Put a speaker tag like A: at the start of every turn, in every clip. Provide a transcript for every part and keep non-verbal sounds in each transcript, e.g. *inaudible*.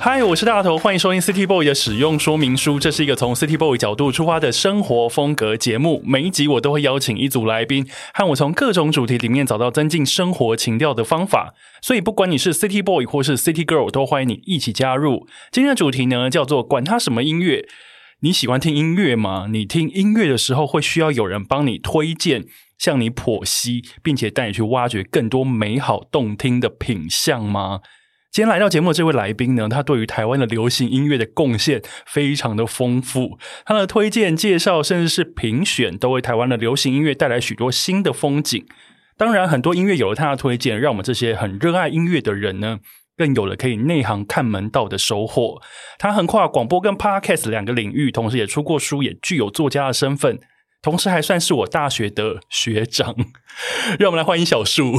A: 嗨，Hi, 我是大頭，歡迎收聽《City Boy》的使用說明書。這是一個從 City Boy 角度出發的生活風格節目。每一集我都會邀請一組來賓，和我從各種主題裡面找到增進生活情調的方法。所以，不管你是 City Boy 或是 City Girl，都歡迎你一起加入。今天的主題呢，叫做“管他什麼音樂”。你喜歡聽音樂嗎？你聽音樂的時候會需要有人幫你推薦、向你剖析，並且帶你去挖掘更多美好動聽的品項嗎？今天來到節目這位來賓呢，他對於台灣的流行音樂的貢獻非常的豐富，他的推薦、介紹，甚至是評選，都為台灣的流行音樂帶來許多新的風景。當然，很多音樂有了他的推薦，讓我們這些很熱愛音樂的人呢，更有了可以內行看門道的收穫。他橫跨廣播跟 Podcast 兩個領域，同時也出過書，也具有作家的身份，同時還算是我大學的學長。讓我們來歡迎小樹。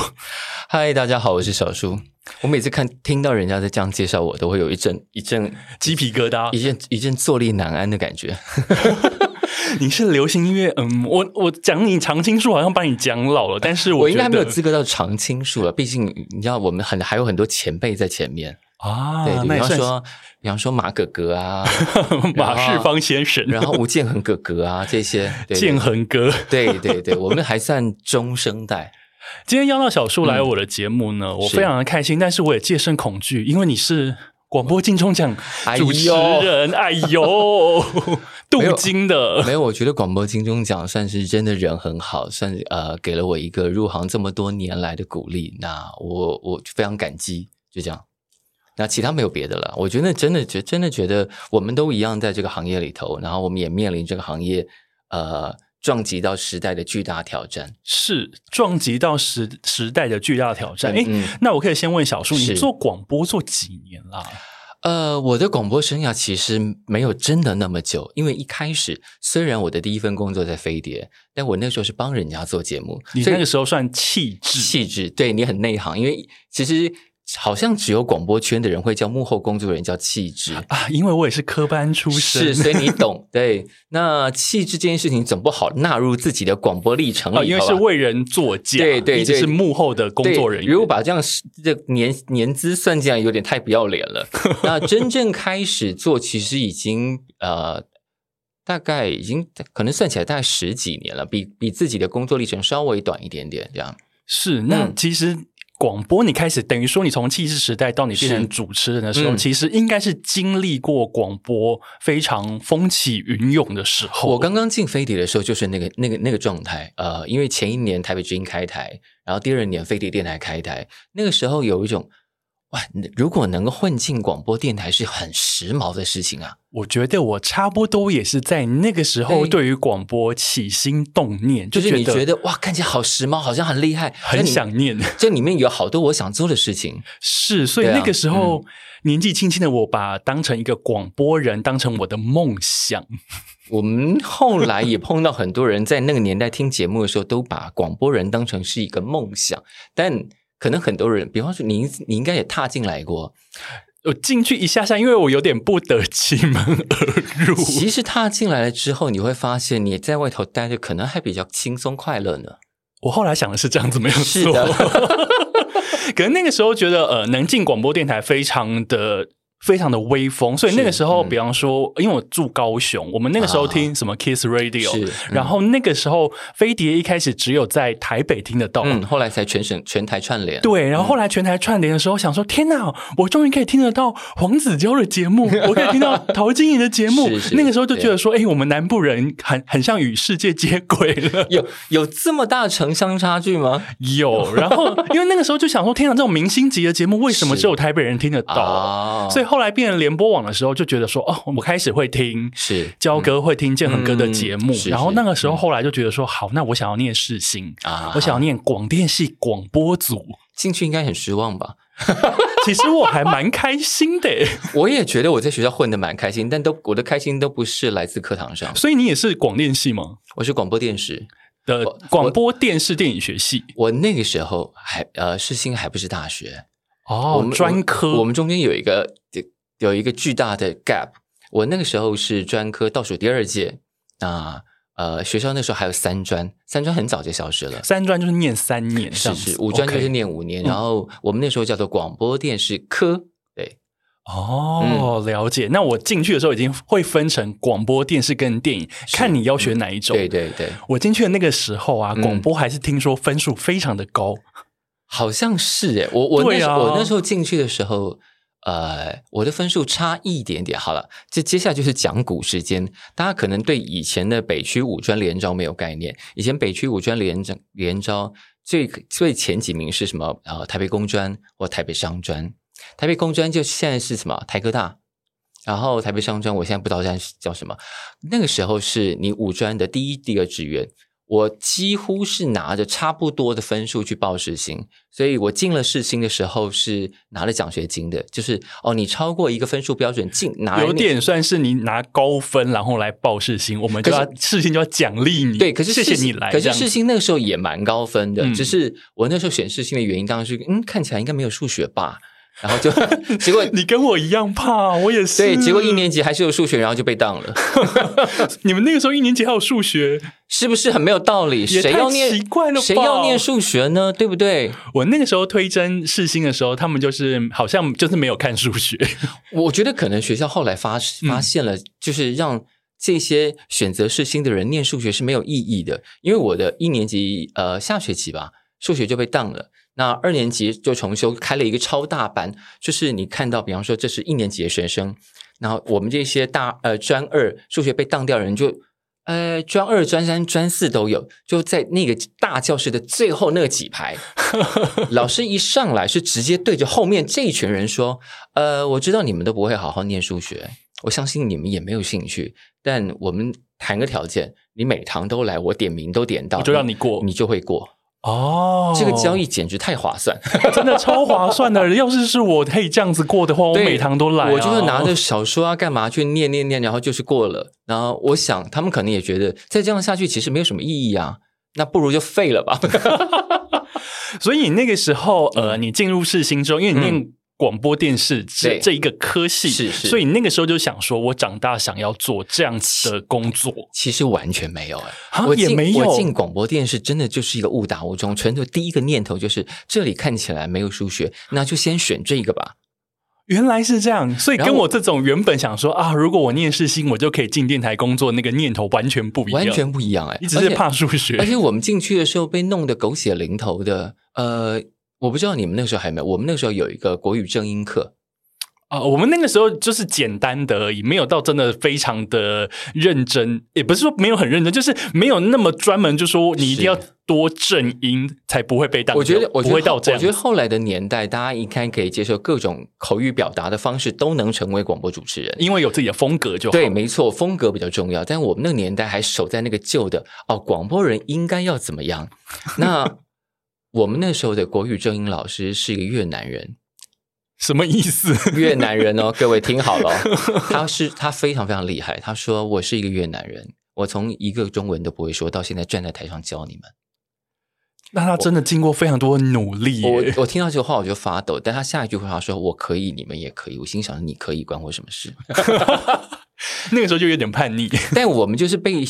A: 嗨，大
B: 家好，我是小樹。我每次看聽到人家在這樣介紹我，都會有一陣一陣雞皮
A: 疙瘩，一陣一陣坐立難安的感覺。 *laughs* *laughs* 你是流行音樂，嗯，我我講你長青樹好像把你講老了，但是我應該還沒有資格叫長青樹了，畢竟
B: 你知道我們很還有很多前輩在前面
A: 啊。對，對，那你比方說
B: 比方說馬哥哥啊， *laughs* 馬世芳
A: 先生， *laughs* 然後吳
B: 建恆哥哥啊這些，對對對，建恆
A: 哥， *laughs* 對對對，我們還算中生代。今天邀到小樹來我的節目呢，嗯、我非常的開心，是，但是我也戒慎恐懼，因為你是廣播金鐘獎主持人。哎呦，
B: 鍍金的沒，沒有，我覺得廣播金鐘獎算是真的人很好，算是呃給了我一個入行這麼多年來的鼓勵，那我我就非常感激，就這樣。那其他沒有別的了，我覺得真的覺真的覺得，我們都一樣在這個行業裡頭，然後我們也面臨這個行業呃。撞擊到時代的巨大挑戰，
A: 是撞擊到時時代的巨大挑戰。哎、嗯嗯欸，那我可以先問小樹，是你做廣播做幾年了？呃，我的廣播生
B: 涯其實沒有真的那麼久，因為一開始雖然我的第一份工作在飛碟，但我那時候是幫人家做節目，你那個時候算氣質氣質，對，你很內行，因為其實。好像只有廣播圈的人會叫幕後工作人員叫氣質
A: 啊，因為我也是科班出身，所以你
B: 懂，對。那氣質這件事情總不好納入自己的廣播歷程裡，哦，因為是
A: 為人作嫁，對對對，是幕後的工作人員。
B: 如果把這樣這年年資算起來，有點太不要臉了。 *laughs* 那真正開始做，其實已經呃，大概已經可能算起來大概十幾年了，比比自己的工作歷程稍微短一點點。這樣
A: 是那，那其實。廣播，你開始等於說，你從記者時代到你變成主持人的時候，嗯、其實應該是經歷過廣播非常風起雲湧的時候。我剛剛進飛碟的時候，就是那個、那
B: 個、那個狀態。呃，因為前一年台北之音開台，然後第二年飛碟電台開台，那個時候有一種。哇！如果能夠混進廣播電台是很時髦的
A: 事情啊！我覺得我差不多也是在那個時候對於廣播起心動念，對就是覺得，就是你覺得哇，看起來好時髦，好像很厲害，很想念。這裡面有好多我想做的事情，是。所以那個時候、對啊、嗯、年紀輕輕的，我把當成一個廣播人，當成我的夢想。我們後來也碰到很多人，在
B: 那個年代聽節目的時候，都把廣播人當成是一個夢想，但。可能很多人，比方說你，你應該也踏進來過，我
A: 進去一下下，因為我有點不得其門
B: 而入。其實踏進來了之後，你會發現你在外頭待着可能
A: 還比較輕鬆快樂呢。我後來想的是這樣子沒有，怎麼樣說？ *laughs* 可能那個時候覺得，呃，能進廣播電台非常的。非常的威風，所以那個時候，比方說，因為我住高雄，我們那個時候聽什麼 Kiss Radio，然後那個時候飛碟一開始只有在台北聽得到，嗯，後來才全省全台串聯，對，然後後來全台串聯的時候，想說天哪，我終於可以聽得到黃子佼的節目，我可以聽到陶晶瑩的節目，那個時候就覺得說，哎，我們南部人很很像與世界接軌了，有有這麼大城鄉差距嗎？有，然後因為那個時候就想說，天哪，這種明星級的節目為什麼只有台北人聽得到？所以。後來變成聯播網的時候，就覺得說哦，我開始會聽是焦哥會聽建恆哥的節目，然後那個時候後來就覺得說好，那我想要念世新啊，我想要念廣電系廣播組進去，應該很失望吧？其實我
B: 還蠻開心的，我也覺得我在學校混得蠻開心，但都我的開心都不是來自課堂上，所以你也是廣電系嗎？我是廣播電視的廣播電視電影學系，我那個時候還呃世新還不是大學
A: 哦，專科，
B: 我們中間有一個。有一個巨大的 gap，我那個時候是專科倒數第二屆，啊、呃，呃，學校那時候還有三專，三專很早就消失了，
A: 三專就是念三年，是是，五專就是念五年，嗯、然後我們那時候叫做廣播電視科，對，哦，嗯、了解，那我進去的時候已經會分成廣播電視跟電影，是看你要學哪一種，嗯、對對對，我進去的那個時候啊，廣播還是聽說分數非常的高，好像是
B: 哎，我我那時候、啊、我那時候進去的時候。呃，我的分數差一點點。好了，這接下來就是講古時間。大家可能對以前的北區五專聯招沒有概念。以前北區五專聯招聯招最最前幾名是什麼？呃，台北工專或台北商專。台北工專就現在是什麼？台科大。然後台北商專我現在不知道現在叫什麼。那個時候是你五專的第一、第二志願。我幾乎是拿着差不多的分數去報世新，所以我進了世新的時候是拿了獎學金的，就是哦，你超過一個分數標準進，拿有點
A: 算是你拿高分然後來報世新，我們就要世新就要獎勵你。對，可是世新謝謝你來。可是世新那個時候也蠻高分的，嗯、只是我那時候選世新的原因當時嗯，看
B: 起來應該沒有數學吧。
A: 然後就結果你跟我一樣怕，我也是。對，結果一年
B: 級還是有數學，然後就被當
A: 了。 *laughs* *laughs* 你們那個時候一年級還有數學，是不是很沒有道理？誰要念？誰要念數學呢？對不對？我那個時候推甄世新的時候，他們就是好像就是沒有看數學。 *laughs* 我覺得可能學校後來發
B: 發現了，就是讓這些選擇世新的人念數學是沒有意義的。因為我的一年級呃下學期吧，數學就被當了。那二年級就重修，開了一個超大班，就是你看到，比方說，這是一年級的學生，然後我們這些大呃專二數學被當掉的人就，呃專二專三專四都有，就在那個大教室的最後那幾排， *laughs* 老師一上來是直接對着後面這一群人說，呃我知道你們都不會好好念數學，我相信你們也沒有興趣，但我們談個條件，你每堂都來，我點名都點到，就讓你過，你就會過。
A: 哦，oh, 這個交
B: 易簡直太划算， *laughs* 真的超
A: 划算的人。 *laughs* 要是是我可以這樣子過的話，對我每堂都來、啊，我就是拿着
B: 小說啊，幹嘛去念念念，然後就是過了。然後我想，他們可能也覺得再這樣下去其實沒有什麼意義
A: 啊，那不如就廢了吧。 *laughs* *laughs* 所以那個時候，呃，你進入世新中，因為你念。嗯廣播電視這這一個科系，是是，所以那個時候就想說，我長大想要做這樣子的工作，其實完全沒有哎、欸，蛤我進進我進
B: 廣播電視真的就是一個誤打誤撞，純粹第一個念頭就是這裡看起來沒有數學，那就先選這個吧。
A: 原來是這樣，所以跟我這種原本想說啊，如果我念世新，我就可以進電台工作，那個念頭完全不一樣，完全不一樣哎、欸，你只是怕數學而，而且我們進去的時候被弄得狗血淋頭的，呃。我不知道你們那個時候還有沒有，我們那個
B: 時候有一個國語正音課。
A: 啊、哦，我們那個時候就是簡單的而已，沒有到真的非常的認真，也不是說沒有很認真，就是沒有那麼專門，就說你一定要多正音才不會被打。我覺得，我覺得，不會到，我覺
B: 得後來的年代，大家一看可以接受各種口語表達的方式，都能成為廣播主持人，因為有自己的風格就好，對，沒錯，風格比較重要。但我們那個年代還守在那個舊的哦，廣播人應該要怎麼樣？那。 *laughs* 我們那時候的國語正音老師是一個越南人，什麼意思？ *laughs* 越南人哦，各位聽好了，他是他非常非常厲害。他說：“我是一個越南人，我從一個中文都不會說到現在站在台上教你們。”
A: 那他真的經過非常多努力耶。我
B: 我聽到這個話我就發抖。但他下一句話說：“我可以，你們也可以。”我心想：“你可以關我什麼事？” *laughs* 那個時候就有點叛逆。 *laughs* 但我們就是被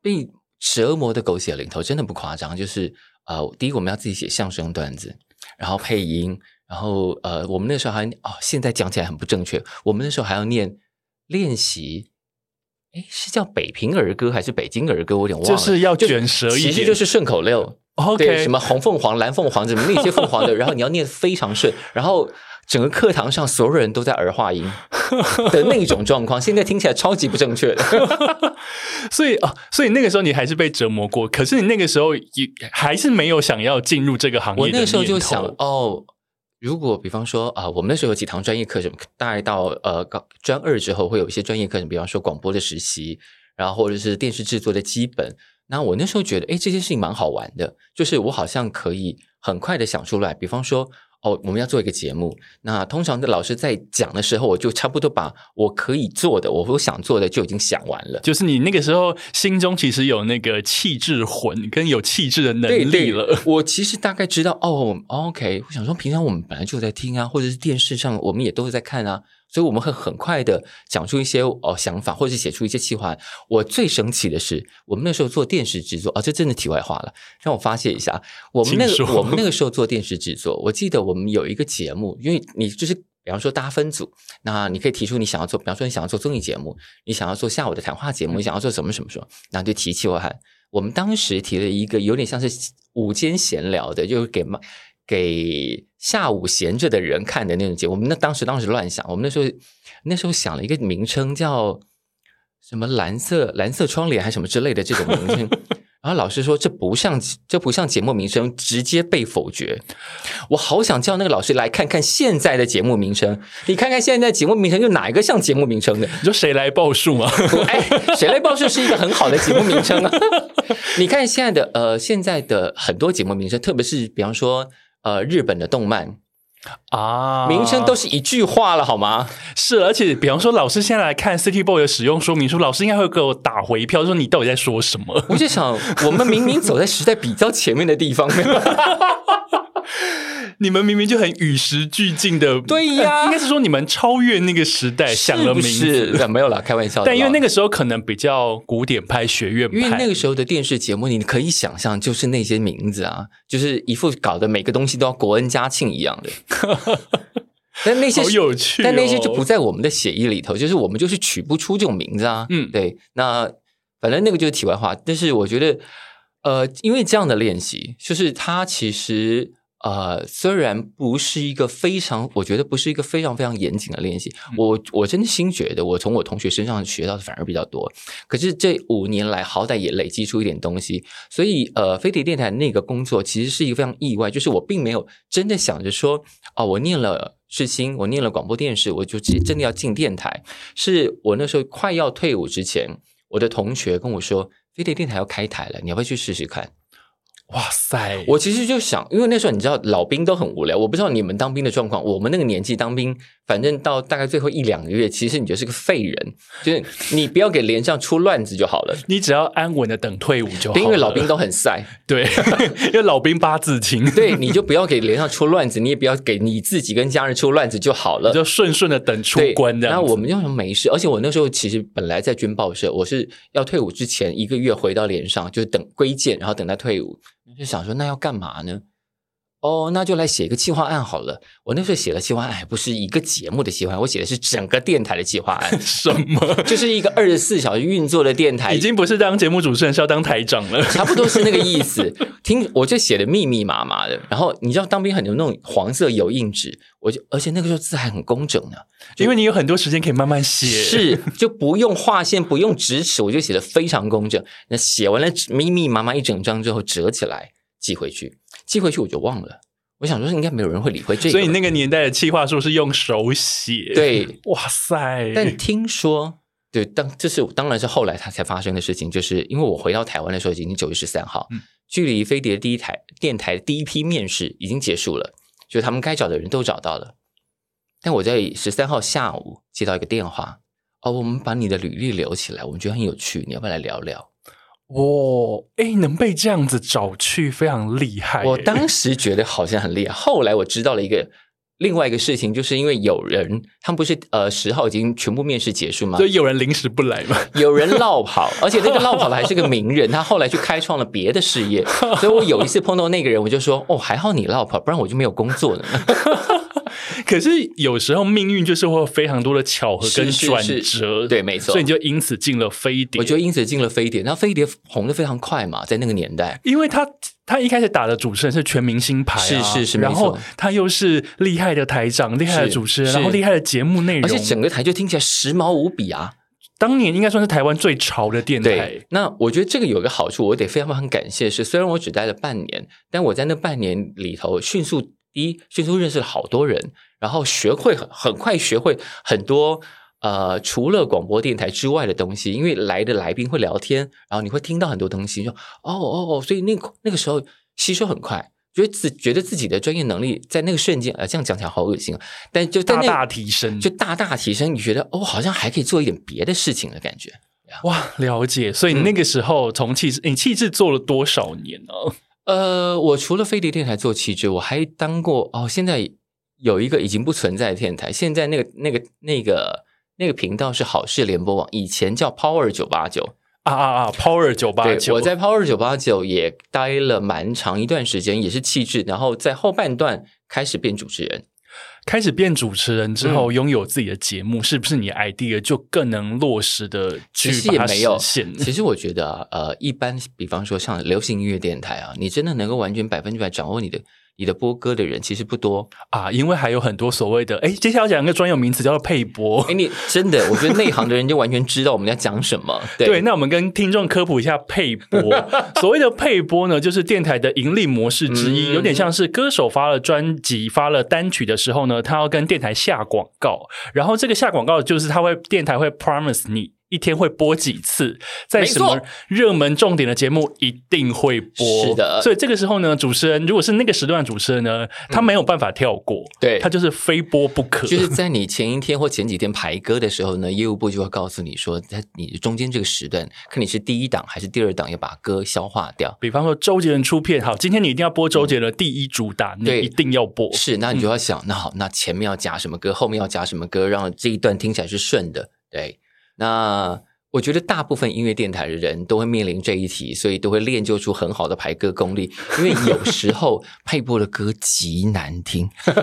B: 被折磨的狗血淋頭，真的不誇張，就是。呃，第一我們要自己寫相聲段子，然後配音，然後呃，我們那時候還哦，現在講起來很不正確，我們那時候還要念練習，哎，是叫北平兒歌還是北京兒歌？我有點忘了，就是要捲舌音，其實就是順口溜。哦，Okay 對。什麼紅鳳凰、藍鳳凰，什麼那些鳳凰的， *laughs* 然後你要念非常順，然後。整個課堂上，所有人都在兒化音的那種狀況， *laughs*
A: 現在聽起來超級不正確的。 *laughs* 所以啊，所以那個時候你還是被折磨過，可是你那個時候也還是沒有想要進入這個行業的念頭。我那時候就想，哦，
B: 如果比方說啊、呃，我們那時候有幾堂專,專業課程，大概到呃高專二之後會有一些專業課程，比方說廣播的實習，然後或者是電視製作的基本。那我那時候覺得，哎，這件事情蠻好玩的，就是我好像可以很快的想出來，比方說。哦，oh, 我們要做一個節目。那通常的老師在講的時候，我就差不多把我可以做的，我我想做的就已經想完了。
A: 就是你那個時候心中其實有那個氣質魂跟有氣質的能力了。對對我其實大概知道哦、
B: oh，OK。我想說，平常我們本來就在聽啊，或者是電視上我們也都是在看啊。所以我們會很快的講出一些哦想法，或者是寫出一些企劃。我最生氣的是，我們那時候做電視製作，啊、哦，這真的題外話了，讓我發洩一下。我們那個說我們那個時候做電視製作，我記得我們有一個節目，因為你就是比方說大家分組，那你可以提出你想要做，比方說你想要做綜藝節目，你想要做下午的談話節目，你想要做什麼什麼說，麼。那就提企劃案。我們當時提了一個有點像是午間閒聊的，就是給媽。給下午閒着的人看的那種節目，我們那當時當時亂想，我們那時候那時候想了一個名稱叫什麼“藍色藍色窗簾”還什麼之類的這種名稱， *laughs* 然後老師說，這不像這不像節目名稱，直接被否決。我好想叫那個老師來看看現在的節目名稱，你看看現在的節目名稱，就哪一個像節目名稱的？你說誰來報樹嗎？ *laughs* 哎，誰來報樹是一個很好的節目名稱啊！ *laughs* 你看現在的呃現在的很多節目名稱，特別是比方說。呃，日本的動漫
A: 啊，名稱都是一句話了，好嗎？是，而且比方說，老師現在來看 City Boy 的使用說明書，老師應該會給我打回票，說你到底在說什麼？我就想，我們明明走在時代比較前面的地方。 *laughs* *laughs* 你們明明就很與時俱進的，對呀、嗯，應該是說你們超越那個時代是是想了名字，沒有啦，開玩笑的。 *laughs* 但因為那個時候可能比較古典派、學院派，因為那個時候的電視節目，你可
B: 以想象就是那些名字啊，就是一副搞的每個東西都要國恩家慶一樣的。
A: *laughs* 但那些好有趣、哦，但那些就不
B: 在我們的血液裡頭，就是我們就是取不出這種名字啊。嗯、對，那反正那個就是題外話。但是我覺得，呃，因為這樣的練習，就是它其實。呃，雖然不是一個非常，我覺得不是一個非常非常嚴謹的練習，我我真心覺得，我從我同學身上學到的反而比較多。可是這五年來，好歹也累積出一點東西。所以，呃，飛碟電台那個工作其實是一個非常意外，就是我並沒有真的想着說，哦，我念了世新，我念了廣播電視，我就真的要進電台。是我那時候快要退伍之前，我的同學跟我說，飛碟電台要開台了，你要不要去試試看？哇塞！我其實就想，因為那時候你知道，老兵都很無聊。我不知道你們當兵的狀況，我們那個年紀當兵。反正到大概最後一兩個月，其實你就是個廢人，就是你不要給連上出亂子就好了。你只要安穩的等退伍就好了。因為老兵都很賽，對， *laughs* 因為老兵八字輕。對，你就不要給連上出亂子，你也不要給你自己跟家人出亂子就好了。你就順順的等出關的。那我們就時沒事，而且我那時候其實本來在軍報社，我是要退伍之前一個月回到連上，就是等歸建，然後等他退伍。就想說，那要幹嘛呢？哦，oh, 那就來寫一個計劃案好了。我那時候寫的計劃案，哎、不是一個節目的計劃案，我寫的是整個電台的計劃案。什麼？ *laughs* 就是一個二十四小時運作的電台，已經不是當節目主持人，是要當台長了。 *laughs* 差不多是那個意思。聽，我就寫的密密麻麻的。然後你知道當兵很多那種黃色油印紙，我就而且那個時候字還很工整呢，啊，就因為你有很多時間可以慢慢寫。是，就不用劃線，不用直尺，我就寫的非常工整。 *laughs* 那寫完了密密麻麻一整張之後，折起來寄回去。寄回去我就忘了，我想說應該沒有人會理會這個。所以那個年代的企劃書，是用手寫。
A: 對，哇塞！但聽說，
B: 對，當這是當然是後來他才發生的事情，就是因為我回到台灣的時候已經九月十三號，嗯、距離飛碟第一台電台第一批面試已經結束了，就是他們該找的人都找到了。但我在十三號下午接到一個電話，哦，我們把你的履歷留起來，我們覺得很有趣，你要不要來聊聊？
A: 哦，哎，能被
B: 這樣子找去非常厲害欸。我當時覺得好像很厲害，後來我知道了一個另外一個事情，就是因為有人，他們不是呃十號已經全部面試結束嗎？所以有
A: 人臨時不來嘛，有人落
B: 跑， *laughs* 而且那個落跑的還是個名人， *laughs* 他後來去開創了別的事業。所以我有一次碰到那個人，我就說哦，還好你落跑，不然我就沒有工作了。 *laughs*
A: 可是有時候命運就是會有非常多的巧合跟轉折，是是是，對，沒錯。所以你就因此進了飛碟。我覺得因此進了飛碟，然後飛碟紅的非常快嘛，在那個年代，因為他他一開始打的主持人是全明星牌，是是是，然後他又是厲害的台長，厲害的主持人，是是然後厲害的節目內容是是，而且整個台就聽起來時髦無比啊！當年應該算是台灣最潮的電台。對，那我覺得這個有一個好處，我得非常非常感謝，
B: 是雖然我只待了半年，但我在那半年裡頭迅速。一，最初認識了好多人，然後學會很很快學會很多呃，除了廣播電台之外的東西，因為來的來賓會聊天，然後你會聽到很多東西，說哦哦哦，所以那那個時候吸收很快，覺得自覺得自己的專業能力在那個瞬間，哎、呃，這樣講起來好噁心，但就在大大提升，就大大提升，你覺得哦，好像還可以做一點別的事情的感覺，
A: 哇，了解，所以你那個時候從氣質，嗯、你氣質做了多少年呢、啊？呃，我除了飛碟電台做氣質，我還當過哦，現在
B: 有一個已經不存在的電台，現在那個那個那個那個頻道是好事聯播網，以前叫 Power 九八九。
A: 啊啊啊，Power 九八九。我在
B: Power 九八九也待了蠻長一段時間，也是氣質，然後在後半段開始變主持人。開始變主持人之後，擁
A: 有自己的節目，嗯，是不是你 idea 就更能落實的去把它實,實現？其實也
B: 沒有，其實我覺得啊，呃，一般比方說像流行音樂電台啊，你真的能夠完全百分之百掌握你的。你的播歌的人其實不多啊，因為還有很多所謂的，哎、欸，接下來要講一個專有名詞叫做配播。哎、欸，你真的，我覺得內行的人就完全知道我們在講什麼。
A: *laughs* 對、對，那我們跟聽眾科普一下配播。 *laughs* 所謂的配播呢，就是電台的盈利模式之一，嗯、有點像是歌手發了專輯、發了單曲的時候呢，他要跟電台下廣告，然後這個下廣告就是他會，電台會 promise 你。一天會播幾次？在什麼熱門重點的節目一定會播。是的，所以這個時候呢，主持人如果是那個時段的主持人呢，嗯、他沒有辦法跳過，對，他就是非播不可。就是在你前一天或前幾天排歌的時候呢，業務部就會告訴
B: 你說，在你中間這個時段，看你是第一檔還是第二檔，要把歌消化掉。
A: 比方說周杰倫出片，好，今天你一定要播周杰倫第一主打，嗯、你一定要播。是，那你就要想，
B: 嗯、那好，那前面要加什麼歌，後面要加什麼歌，讓這一段聽起來是順的。對。那我覺得大部分音樂電台的人都會面臨這一題，所以都會練就出很好的排歌功力。因為有時候配播的歌極難聽。
A: *laughs*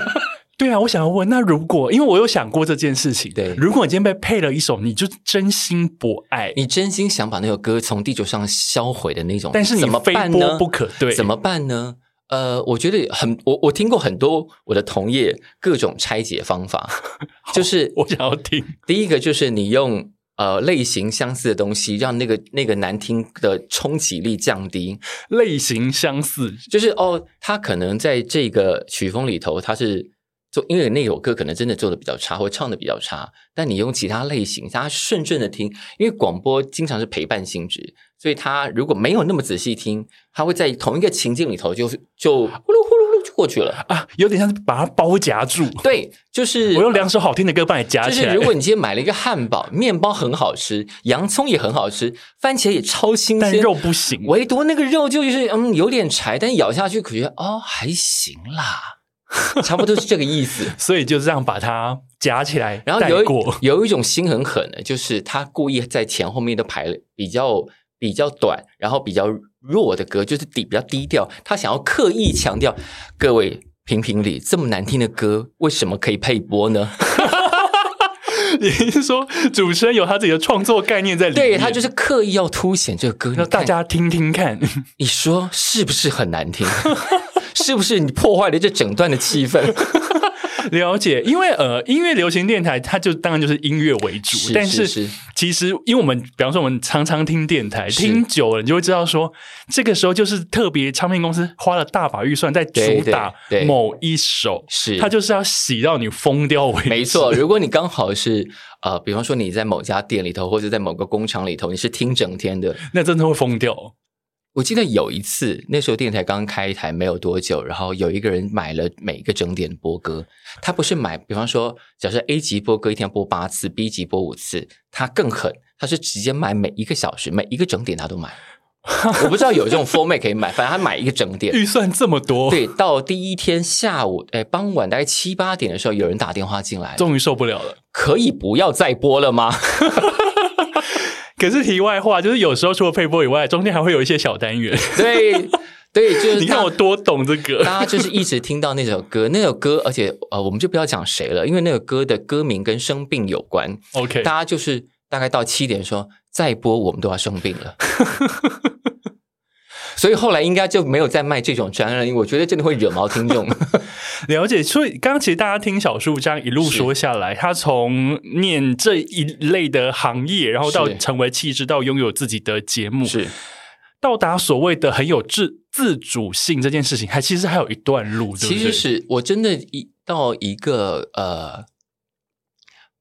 A: 對啊，我想要問，那如果因為我有想過這件事情，對，對，如果你今天被配了一首，你就真心不愛，你真心想把那首歌從地球上銷毀的那種，但是你非播不
B: 可，對，怎麼辦呢？呃，我覺得很，我我聽過很多我的同業各種拆解方法， *laughs* 好就是我想要聽，第一個就是你用。呃，類型相似的東西，讓那個那個難聽的衝擊力降低。類型相似，就是哦，他可能在這個曲風裡頭，他是做，因為那首歌可能真的做得比較差，或唱得比較差。但你用其他類型，他順順的聽，因為廣播經常是陪伴性質，所以他如果沒有那麼仔細聽，他會在同一個情境裡頭就，就是就呼嚕呼嚕。過去了啊，有點像把它包夾住。對，就是我用兩首好聽的歌把你夾起來。就是如果你今天買了一個漢堡，麵包很好吃，洋蔥也很好吃，番茄也超新鮮，但肉不行，唯獨那個肉就是嗯有點柴，但咬下去感覺哦還行啦，差不多是這個意
A: 思。 *laughs* 所以就這樣把它夾起來帶，然後有一
B: 有一種心很狠，狠的，就是他故意在前後面的排比較比較，比較短，然後比較弱的歌，就是底比較低調，他想要刻意強調，各位評評理，這麼難聽的歌為什麼可以配播呢？哈哈哈。也就是說，主持人有他自己的創作概念在裡面，對，他就是刻意要凸顯這個歌，讓大家聽聽看，你說
A: 是不是很難聽？ *laughs* 是不是你破壞了這整段的氣氛？了解，因為呃，音樂流行電台，它就當然就是音樂為主，是是是，但是其實，因為我們比方說，我們常常聽電台，是，聽久了，你就會知道說，說這個時候就是特別唱片公司花了大把預算在主打某一首，是，它就是
B: 要洗到你瘋掉為止。沒錯，如果你剛好是呃，比方說你在某家店裡頭，或者在某個工廠裡頭，你是聽整天的，那真的會瘋掉。我記得有一次，那時候電台剛開台沒有多久，然後有一個人買了每一個整點播歌。他不是買，比方說，假設 A 級播歌一天播八次，B 級播五次，他更狠，他是直接買每一個小時，每一個整點他都買。 *laughs* 我不知道有這種 format 可以買，反正他買一個整點，預算這麼多。對，到第一天下午，哎，傍晚大概七八點的時候，有人打電話進來了，終於受不了了，
A: 可以不要再播了嗎？ *laughs* 可是題外話，就是有時候除了配播以外，中間還會有一些小單元。 *laughs* 對，對，就是你看我多懂這個。 *laughs* 大家就是一直聽到那首歌，那首歌，而且，呃，
B: 我們就不要講誰了，因為那個歌的歌名跟生病有關。OK，大家就是大概到七點說再播，我們都要生病了。 *laughs* 所以後來
A: 應該就沒有再賣這種專案，因為我覺得真的會惹毛聽眾。 *laughs* 了解，所以剛剛其實大家聽小樹這樣一路說下來，是他從念這一類的行業，然後到成為氣質，到擁有自己的節目，是到達所謂的很有自自主性這件事情，還其實還有一段路。對對，其實是我真的到
B: 一個呃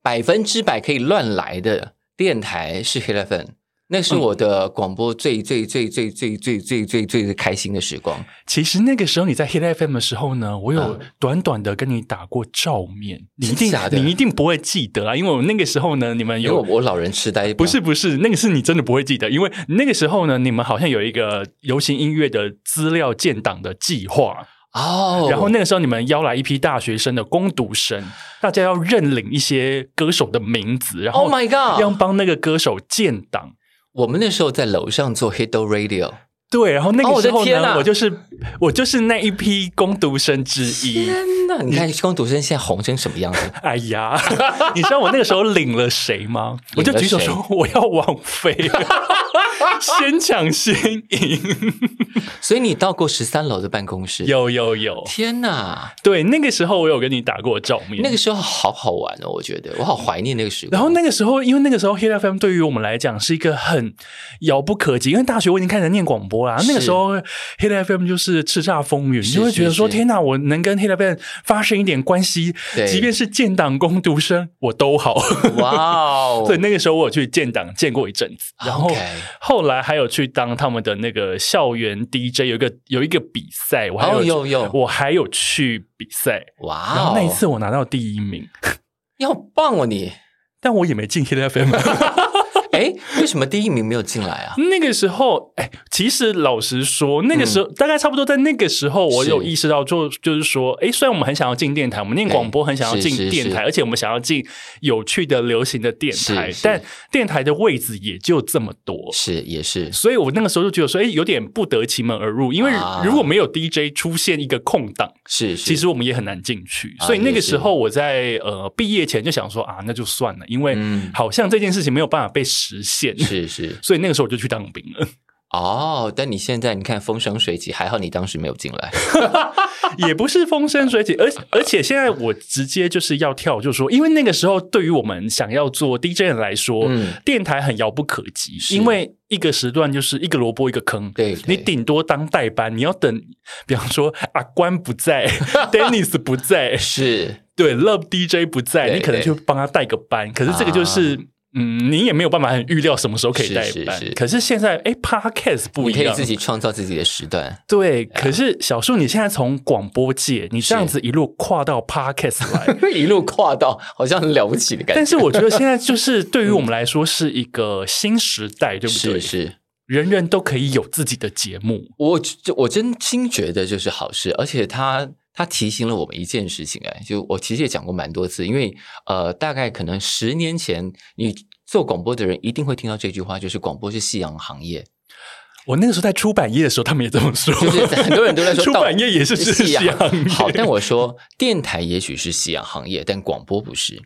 B: 百分之百可以亂來的電台是 h i l e i v e n 那是我的廣播最最最最最最最最最
A: 開心的時光。其實那個時候你在 Hit FM 的時候呢，我有短短的跟你打過照面，你一定你一定不會記得啊，因為我那個時候呢，你們有我老人痴呆，不是不是，那個是你真的不會記得，因為那個時候呢，你們好像有一個流行音樂的資料建檔的計劃
B: 哦，然後
A: 那個時候你們邀來一批大學生的工讀生，大家要認領一些歌手的名字，然後 Oh my God，要幫那個歌手建檔。我們那時候在樓上做 Hit Radio。對，然後那個時候呢，哦、天我就是天哪我，、就是、我就是那一批工讀生之一。天哪！你看工讀生現在紅成什麼樣子？哎呀！ *laughs* 你知道我那個時候領了誰嗎？ *laughs* 我就舉手說我要王菲， *laughs* *laughs* 先搶先贏。 *laughs* 所以你到過十三樓的辦公室？有有有！天哪！對，那個時候我有跟你打過照面。那個時候好好玩哦，我覺得我好懷念那個時光。然後那個時候，因為那個時候 Hit FM 對於我們來講是一個很遙不可及，因為大學我已經開始念廣播。啊，那個時候，Hit 是 FM 就是叱吒風雲，你就會覺得說：“天哪，我能跟 Hit FM 發生一點關係，對即便是建黨工讀生我都好。 *laughs* Wow ”哇！所以那個時候我有去建黨見過一陣子，Okay 然後後來還有去當他們的那個校園 DJ，有一個有一個比賽，oh, 我還有 yo, yo 我還有去比賽，哇 Wow！然後那一次我拿到第一名， *laughs* 你好棒哦你！但我也沒進 Hit FM。 *laughs* 哎、欸，為什麼第一名沒有進來啊？那個時候，哎、欸，其實老實說，那個時候、嗯、大概差不多在那個時候，我有意識到就，就是就是說，哎、欸，雖然我們很想要進電台，我們念廣播，很想要進電台，欸、是是是而且我們想要進有趣的、流行的電台，是是但電台的位置也就這麼多，是也是，所以我那個時候就覺得說，哎、欸，有點不得其門而入，因為如果沒有 DJ 出現一個空檔、啊，是、是，其實我們也很難進去。啊、所以那個時候，我在呃畢業前就想說啊，那就算了，因為好像這件事情沒有辦法被。實現直是是，所以那個時候我就去當兵了。哦，但你現在你看風生水起，還好你當時沒有進來， *laughs* 也不是風生水起，而且而且現在我直接就是要跳，就是說因為那個時候對於我們想要做 DJ 來說，嗯、電台很遙不可及，是 因為一個時段就是一個蘿蔔一個坑，對、對、對，你頂多當代班，你要等，比方說阿關不在 *laughs* ，Dennis 不在，是對 Love DJ 不在，你可能就幫他代個班，對對對，可是這個就是。嗯，你也沒有辦法很預料什麼時候可以代班。是是是，可是現在，哎、欸、，Podcast 不一樣，你可以自己創造自己的時段。對，樣可是小樹，你現在從廣播界，你這樣子一路跨到 Podcast 來，
B: 是 *laughs* 一路跨到，好像很了不起的感覺。但是我覺得現在就
A: 是對於我們來說是一個新時代， *laughs* 嗯、對不對？是是，人人都可以有自己的節目。我
B: 我真心覺得就是好事，而且它。他提醒了我們一件事情哎，就我其實也講過蠻多次，因為呃，大概可能十年前，你做廣播的人一定會聽到這句話，就是廣播是夕陽行業。我那個時候在出版業的時候，他們也這麼說，就是很多人都在說出版業也是夕陽。好，但我說電台也許是夕陽行業，但廣播不是。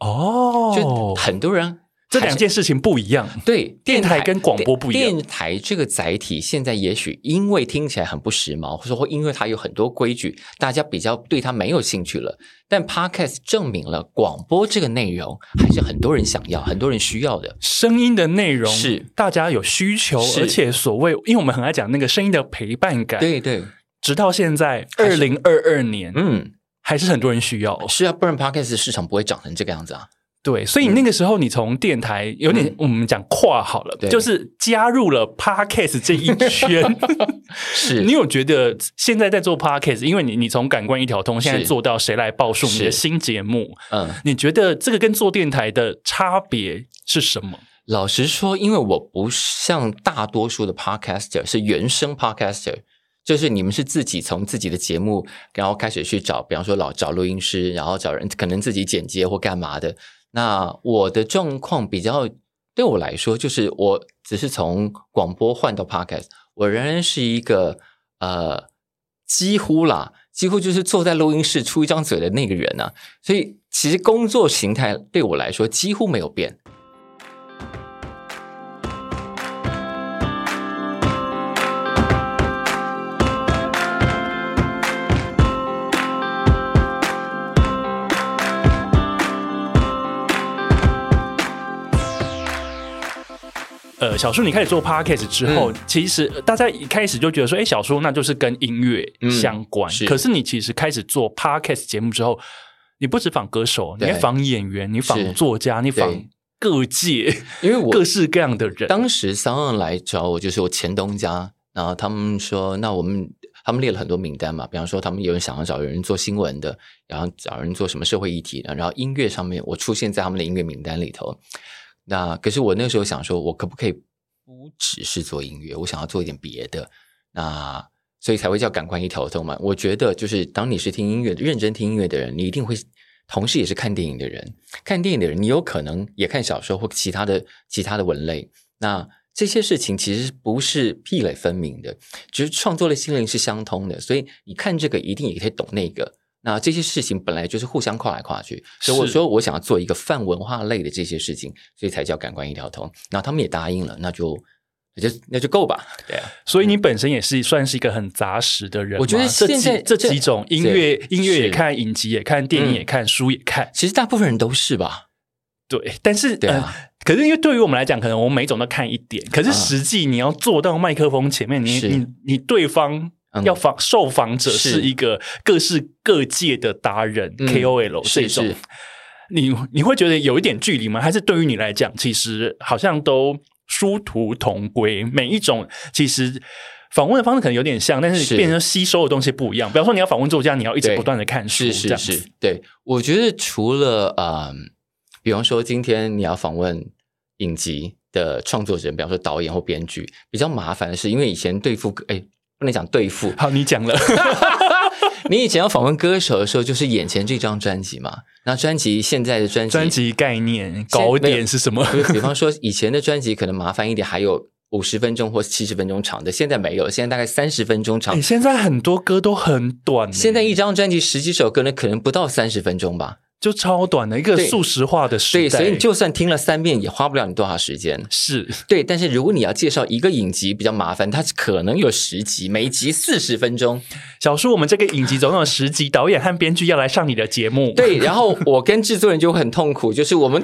A: 哦，就很多人。這兩件事
B: 情不一樣。對，電台，電台跟廣播不一樣。電台這個載體現在也許因為聽起來很不時髦，或者說因為它有很多規矩，大家比較對它沒有興趣了。但 Podcast 證明了廣播這個內容還是很多人想要、很多人需要的
A: 聲音的內容，是大家有需求，是而且所謂，因為我們很愛講那個聲音的陪伴感。對對，直到現在，二零二二年，嗯，還是很多人需要的，是啊，不然 Podcast 市場不會長成這個樣子啊。對，所以那個時候你從電台有點、嗯、我們講跨好了，對就是加入了 podcast 這一圈。 *laughs* 是你有覺得現在在做 podcast，因為你你從感官一條通，是現在做到誰來報樹你的新節目？嗯，你覺得這個跟做電台的差別是什麼？
B: 老實說，因為我不像大多數的 podcaster 是原生 podcaster，就是你們是自己從自己的節目，然後開始去找，比方說老找錄音師，然後找人，可能自己剪接，或幹嘛的。那我的狀況比較，對我來說，就是我只是從廣播換到 Podcast，我仍然是一個呃，幾乎啦，幾乎就是坐在錄音室出一張嘴的那個人啊，所以其實工作形態對我來說幾乎沒有變。
A: 呃，小樹，你開始做 podcast 之後，嗯、其實大家一開始就覺得說，哎、欸，小樹，那就是跟音樂相關。嗯、是可是你其實開始做 podcast 節目之後，你不只訪歌手，對你訪演員，你訪作家，是你訪各界，
B: 因為我各式各樣的人。當時三二來找我，就是我前東家，然後他們說，那我們他們列了很多名單嘛，比方說他們有人想要找人做新聞的，然後找人做什麼社會議題的，然後音樂上面，我出現在他們的音樂名單裡頭。那可是我那時候想說，我可不可以不只是做音樂？我想要做一點別的。那所以才會叫感官一條通嘛。我覺得就是，當你是聽音樂、認真聽音樂的人，你一定會同時也是看電影的人。看電影的人，你有可能也看小說或其他的其他的文類。那這些事情其實不是壁壘分明的，只是創作的心靈是相通的。所以你看這個，一定也可以懂那個。那這些事情本來就是互相跨來跨去，所以我說我想要做一個泛文化類的這些事情，所以才叫感官一條
A: 通。然後他們也答應了，那就那就那就夠吧。對啊，所以你本身也是算是一個很雜食的人。我覺得現在這幾種音樂，音樂也看，影集也看，電影也看，書也看，其實大部分人都是吧。對，但是對啊，可是因為對於我們來講，可能我們每種都看一點。可是實際你要坐到麥克風前面，你你你對方。嗯、要訪受訪者是一個各式各界的達人，嗯、KOL 這一種，是是你你會覺得有一點距離嗎？還是對於你來講，其實好像都殊途同歸？每一種其實訪問的方式可能有點像，但是變成是吸收的東西不一樣。是比方說，你要訪問作家，你要一直不斷的看書，是對這樣子，是，是，
B: 是？對，我覺得除了嗯、呃，比方說今天你要訪問影集的創作者，比方說導演或編劇，比較麻煩的是，因為以前對付哎。欸不能講對付。好，你講了。哈哈哈。你以前要訪問歌手的時候，就是眼前這張專輯嘛。那專輯現在的專輯，專輯概念、在搞點是什麼？比方說，以前的專輯可能麻煩一點，還有五十分鐘或七十分鐘長的，現在沒有，現在大概三十分鐘長。
A: 你現在很多歌都很
B: 短，現在一張專輯十幾首歌呢，可能不到三十分鐘吧。就超短的一個速
A: 食化的時代對對，所以你就
B: 算聽了三遍也花不了你多少時間。是對，但是如果你要介紹一個影集比較麻煩，它可能有十集，每集四十分鐘。小樹，我們這個影集總有十集，導演和編劇要來上你的節目。對，然後我跟制作人就很痛苦， *laughs* 就是我們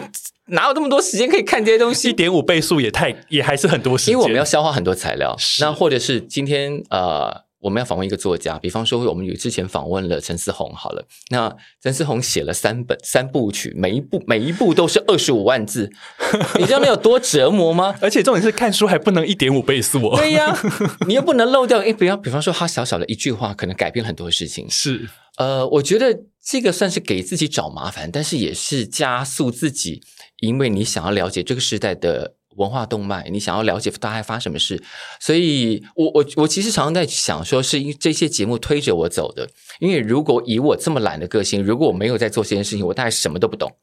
B: 哪有那麼多時間可以看這些東西？一點五倍速也太也還是很多時間，因為我們要消化很多材料。是那或者是今天呃。我們要訪問一個作家，比方說我們有之前訪問了陳思宏，好了，那陳思宏寫了三本三部曲，每一部每一部都是二十五萬字， *laughs* 你知道那有多折磨嗎？而且重點是看書還不能一點五倍速哦，對呀，啊，你又不能漏掉，哎，不要，比方說他小小的一句話可能改變很多事情，是，呃，我覺得這個算是給自己找麻煩，但是也是加速自己，因為你想要了解這個時代的。文化動脈，你想要了解大概發什麼事？所以我，我我我其實常常在想，說是因為這些節目推着我走的。因為如果以我這麼懶的個性，如果我沒有在做這件事情，我大概什麼都不懂。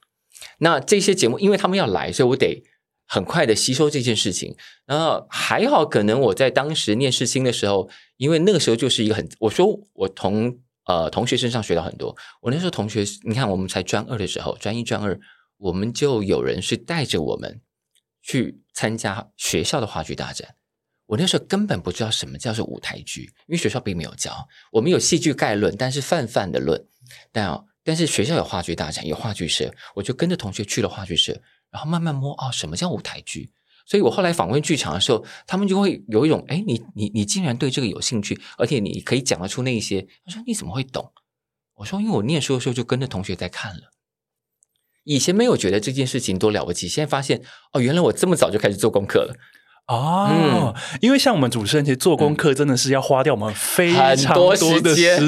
B: 那這些節目，因為他們要來，所以我得很快的吸收這件事情。然後還好，可能我在當時念世新的時候，因為那個時候就是一個很……我說我從呃同學身上學到很多。我那時候同學，你看我們才專二的時候，專一專二，我們就有人是帶着我們。去參加學校的話劇大展，我那時候根本不知道什麼叫做舞台劇，因為學校並沒有教。我們有戲劇概論，但是泛泛的論。但、哦、但是學校有話劇大展，有話劇社，我就跟着同學去了話劇社，然後慢慢摸啊、哦，什麼叫舞台劇。所以我後來訪問劇場的時候，他們就會有一種哎，你你你竟然對這個有興趣，而且你可以講得出那些。他說你怎麼會懂？我說因為我念書的時候就跟着同學在看了。以前沒有覺得這件事情多了不起，現在發現，哦，原來我這麼早就開始做功課了。
A: 哦，嗯，因為像我們主持人其實做功課真的是要花掉我們非常多的時間，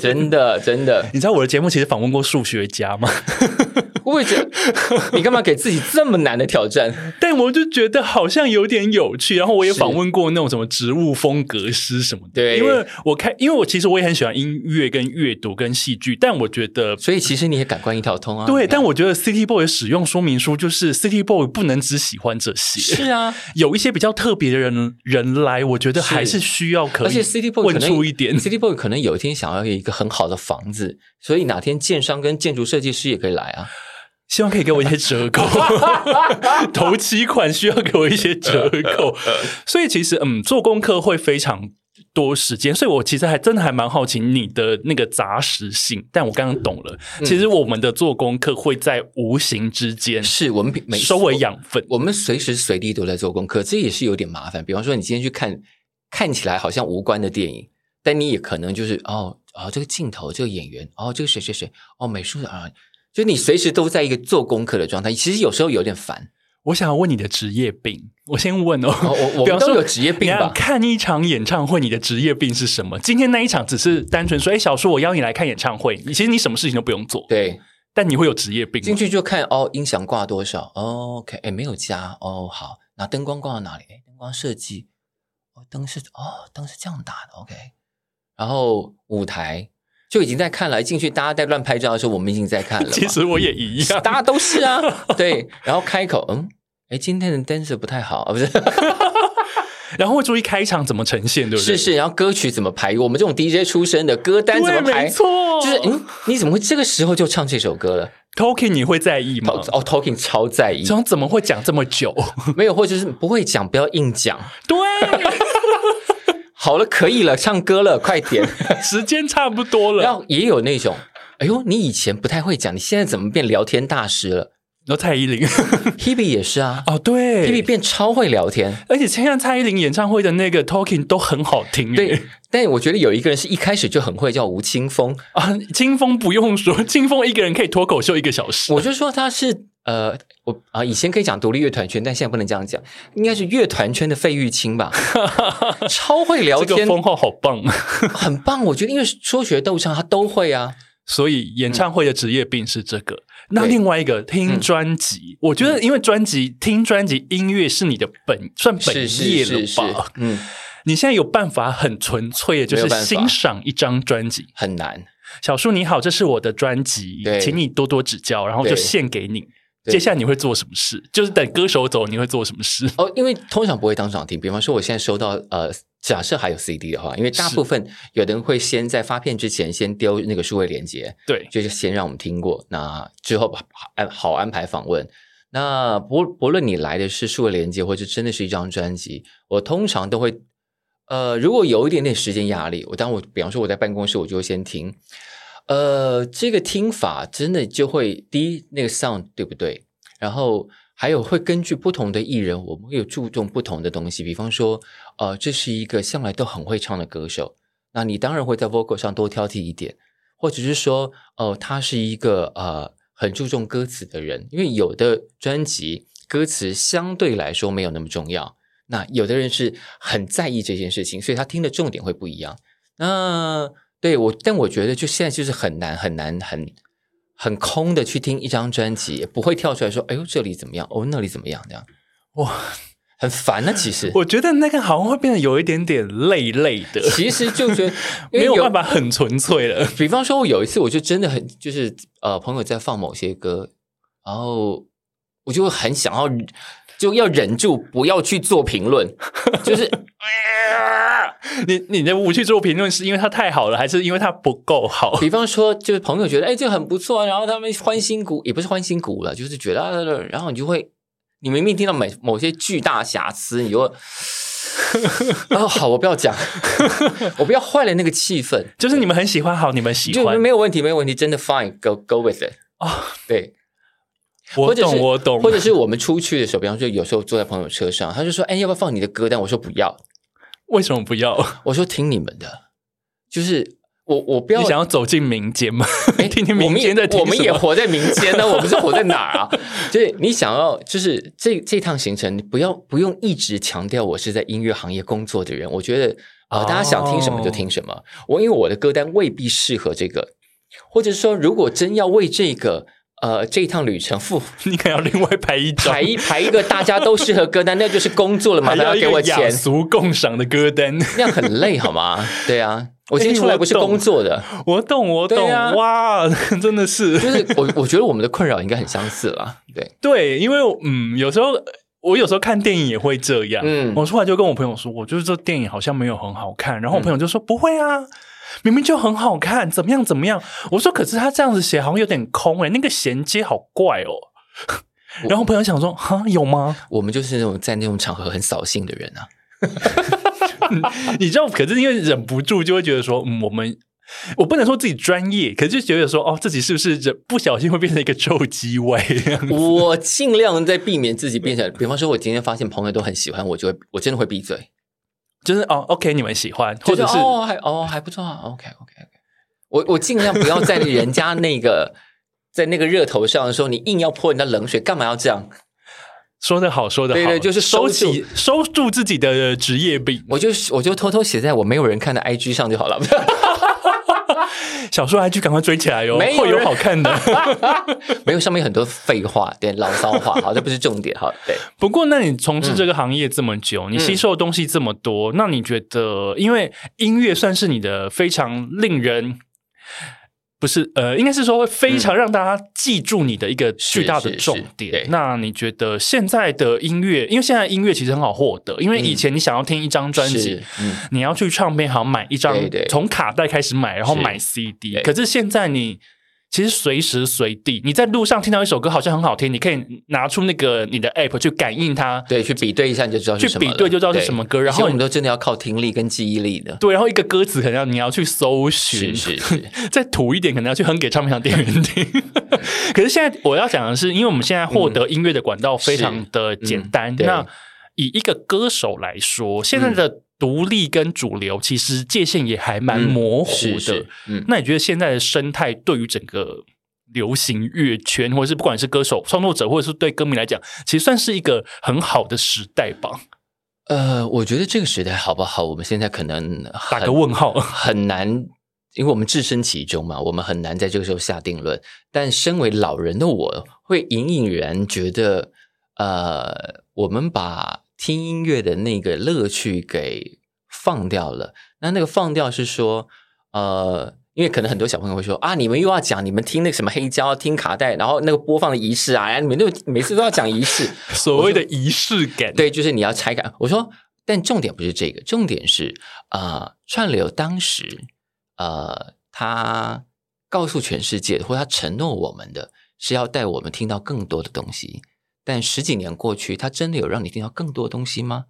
A: 真的真的。你知道我的節目其實訪問過數學家嗎？我也覺得， *laughs* 你幹嘛給自己這麼難的挑戰？但我就覺得好像有點有趣。然後我也訪問過那種什麼植物風格師什麼的，對是，因為我看，因為我其實我也很喜歡音樂跟閱讀跟戲劇，但我覺得，所以其實你也感官一條通啊。對，看但我覺得 City Boy 使用說明書就是 City Boy 不能只喜歡這些，是啊，有一些比較。要特別的人人來，我覺得還是需要可能而且 City Boy 可能一
B: 點，City Boy 可能有一天想要一個很好的房子，所以哪天建商跟建築
A: 設計師也可以來啊。希望可以給我一些折扣， *laughs* *laughs* 頭期款需要給我一些折扣。所以其實嗯，做功課會非常。多時間，所以我其實還真的還蠻好奇你的那個雜食性，但我剛剛懂了，嗯、其實我們的做功課會在無形之間，是我們每收為養分，我們隨時
B: 隨地都在做功課，這也是有點麻煩，比方說，你今天去看看起來好像無關的電影，但你也可能就是哦哦，這個鏡頭，這個演員，哦，這個誰誰誰，哦，美術的啊，就你隨時都在一個做功課的狀態，其實有時候有點煩。
A: 我想要問你的職業病，我先問哦。哦，我我們都有職業病吧？你看一場演唱會，你的職業病是什麼？今天那一場只是單純說，哎，小樹，我邀你來看演唱會。Okay. 其實你什麼事情都不用做，對。但你會有職業病，進去就看哦，音響掛多少？OK，哎，沒有加哦，
B: 好。那燈光掛到哪裡？哎，燈光設計，哦，燈是哦，燈是這樣打的，OK。然後舞台就已經在看了，一進去大家在亂拍照的時候，我們已經在看了。其實我也一樣，嗯、大家都是啊， *laughs* 對。然後開口，嗯。哎，今天的 dancer 不太好，啊不是， *laughs* *laughs* 然後會注意開場怎麼呈現，對不對？是是，然後歌曲怎麼排？我們這種 DJ 出身的歌單怎麼排？沒錯，就是你你怎麼會這個時候就唱這首歌了？Talking 你會在意嗎？哦 Talk, oh,Talking 超在意。怎麼怎麼會講這麼久？沒有，或者是不會講，不要硬講。對， *laughs* *laughs* 好了，可以了，唱歌了，快點， *laughs* 時間差不多了。然後也有那種，哎呦，你以前不太會講，你現在怎麼變聊天大師了？然後蔡依林 *laughs* ，Hebe 也是啊，哦對，Hebe 變超會聊天，
A: 而且像蔡依林演唱會的那個 Talking 都很好聽。對，但我覺得有一個人是一開始就很會叫，吳青峰啊，青峰不用說，青峰一個人可
B: 以脫口秀一個小時。我就說他是呃，我啊以前可以講獨立樂團圈，但現在不能這樣講，應該是樂團圈的費玉清吧，哈哈哈，超會聊天，這個封號好棒，
A: *laughs* 很棒。我覺得因為說學逗唱他都會啊，所以演唱會的職業病是這個。那另外一個對聽專輯，嗯、我覺得因為專輯、嗯、聽專輯音樂是你的本算本業了吧？嗯，你現在有辦法很純粹的就是欣賞一張專輯很難。小樹你好，這是我的專輯，對請你多多指教，然後就獻給你。對接下來你會做什麼事？對就是等歌手走，你會做什麼
B: 事？哦，因為通常不會當場聽。比方說，我現在收到呃。假設還有 CD 的話，因為大部分有人會先在發片之前先丟那個數位連結，對，就是先讓我們聽過，那之後好安排訪問。那不不論你來的是數位連結，或者真的是一張專輯，我通常都會，呃，如果有一點點時間壓力，我當我比方說我在辦公室，我就會先聽，呃，這個聽法真的就會第一那個 sound，對不對？然後。還有會根據不同的藝人，我們會有注重不同的東西。比方說，呃，這是一個向來都很會唱的歌手，那你當然會在 vocal 上多挑剔一點，或者是說，哦、呃，他是一個呃很注重歌詞的人，因為有的專輯歌詞相對來說沒有那麼重要，那有的人是很在意這件事情，所以他聽的重點會不一樣。那對我，但我覺得就現在就是很難，很難，很。很空的去聽一張專輯，也不會跳出來說：“哎呦，這裡怎麼樣？哦，那裡怎麼樣？”這樣
A: 哇，很煩呢。其實我覺得那個好像會變得有一點點累累的。其實就覺得沒有辦法很純粹了。比方說，我有一次，我就真的很就是呃，朋友
B: 在放某些歌，然後我就會很想要。就要忍住，
A: 不要去做評論。就是 *laughs* 你，你的舞去做評論，是因為它太好了，還是因為它不夠好？比方說，就是朋友覺得
B: 哎、欸，這個很不錯啊，然後他們歡欣鼓，也不是歡欣鼓了，就是覺得，然後你就會，你明明聽到某某些巨大瑕疵，你又哦、啊，好，我不要講，我不要壞了那個氣氛。就是你們很喜歡，好，你們喜歡，就沒有問題，沒有問題，真的 fine，go go with it。哦，對。我懂，或者是我懂。或者是我們出去的時候，比方說有時候坐在朋友車上，他就說：“哎、欸，要不要放你的歌單？”我說：“不要。”為什麼不要？我說：“聽你們的。”就是我，我不要。你想要走進民間嗎？ *laughs* 聽聽民間在聽什麼，欸，我們也，我們也活在民間呢，我們是活在哪兒啊？ *laughs* 就是你想要，就是這這趟行程，不要不用一直強調我是在音樂行業工作的人。我覺得啊、呃，大家想聽什麼就聽什麼。我、oh. 因為我的歌單未必適合這個，或者說如果真要為這個。呃，這一趟旅程，付你可能要另外排一張，排一排一個大家都適合歌單， *laughs* 那就是工作了嘛。那要給我錢，要雅俗
A: 共賞的歌單， *laughs* 那樣很累好嗎？對
B: 啊，欸、我今天出來不是工作的，我懂，我懂。我懂啊、哇，真的是，就是我，我覺得我們的困擾應該很相似了。對，
A: 對，因為嗯，有時候我有時候看電影也會這樣。嗯，我出來就跟我朋友說，我覺得這電影好像沒有很好看，然後我朋友就說、嗯、不會啊。明明就很好看，怎麼樣怎麼樣？我說，可是他這樣子寫好像有點空欸，那個銜接好怪哦。
B: 然後朋友想說：“哈我，有嗎？”我們就是那種在那種場合很掃興的人啊。 *laughs* *laughs* 你，
A: 你知道，可是因為忍不住，就會覺得說，嗯、我們我不能說自己專業，可是就覺得說，哦，自己是不是忍不小心會變成一個臭雞歪。我盡量在避免自己變成。比方說，我今天發
B: 現朋友都很喜歡我，就會我真的會閉嘴。.就是哦，OK，你們喜歡，或者是，是哦，哦，還哦還不錯、啊、OK，OK，OK，okay, okay. 我我盡量不要在人家那個 *laughs* 在那個熱頭上的時候，你硬要潑人家冷水，幹嘛要這樣？說得好，說得好，對對，就是收，收起收住自己的職業病，我就我就偷偷寫在我沒有人看的 IG 上就好了。 *laughs* *laughs* 小說還去趕快追起來喲，沒有會有好看
A: 的。 *laughs* 沒有上面有很多廢話、點牢騷話，好，這不是重點。好，對。不過，那你從事這個行業這麼久，嗯、你吸收的東西這麼多，嗯、那你覺得，因為音樂算是你的非常令人。不是，呃，應該是說會非常讓大家記住你的一個巨大的重點。嗯、那你覺得現在的音樂，因為現在的音樂其實很好獲得，因為以前你想要聽一張專輯，嗯嗯、你要去唱片行買一張，從卡帶開始買，然後買 CD，是，可是現在你。其實隨時隨地，你在路上聽到一首歌，好像很好聽，你可以拿出那個你的 app 去感應它，對，去比對一下，你就知道是什麼去比對就知道是什麼歌。對然後我們都
B: 真的要靠聽力跟記憶力的，
A: 對。然後一個歌詞可能要你要去搜尋，是是是，再土一點可能要去哼給唱片上店員聽。 *laughs* *laughs* 可是現在我要講的是，因為我們現在獲得音樂的管道非常的簡單。嗯嗯、對，那以一個歌手來說，現在的、嗯。獨立跟主流其實界限也還蠻模糊的。嗯，是是，嗯。那你覺得現在的生態對於整個流行樂圈，或者是不管是歌手創作者，或者是對歌迷來講，其實算是一個很好的時代吧？
B: 呃，我覺得這個時代好不好？我們現在可能打個問號，很難，因為我們置身其中嘛，我們很難在這個時候下定論。但身為老人的我，會隱隱然覺得，呃，我們把。聽音樂的那個樂趣給放掉了。那那個放掉是說，呃，因為可能很多小朋友會說啊，你們又要講，你們聽那個什麼黑膠、聽卡帶，然後那個播放的儀式啊，你們就每次都要講儀式， *laughs* 所謂的儀式感。對，就是你要拆開。我說，但重點不是這個，重點是啊、呃，串流當時，呃，他告訴全世界，或他承諾我們的是要帶我們聽到更多的東西。但十幾年過去，它真的有讓你聽到更多東西嗎？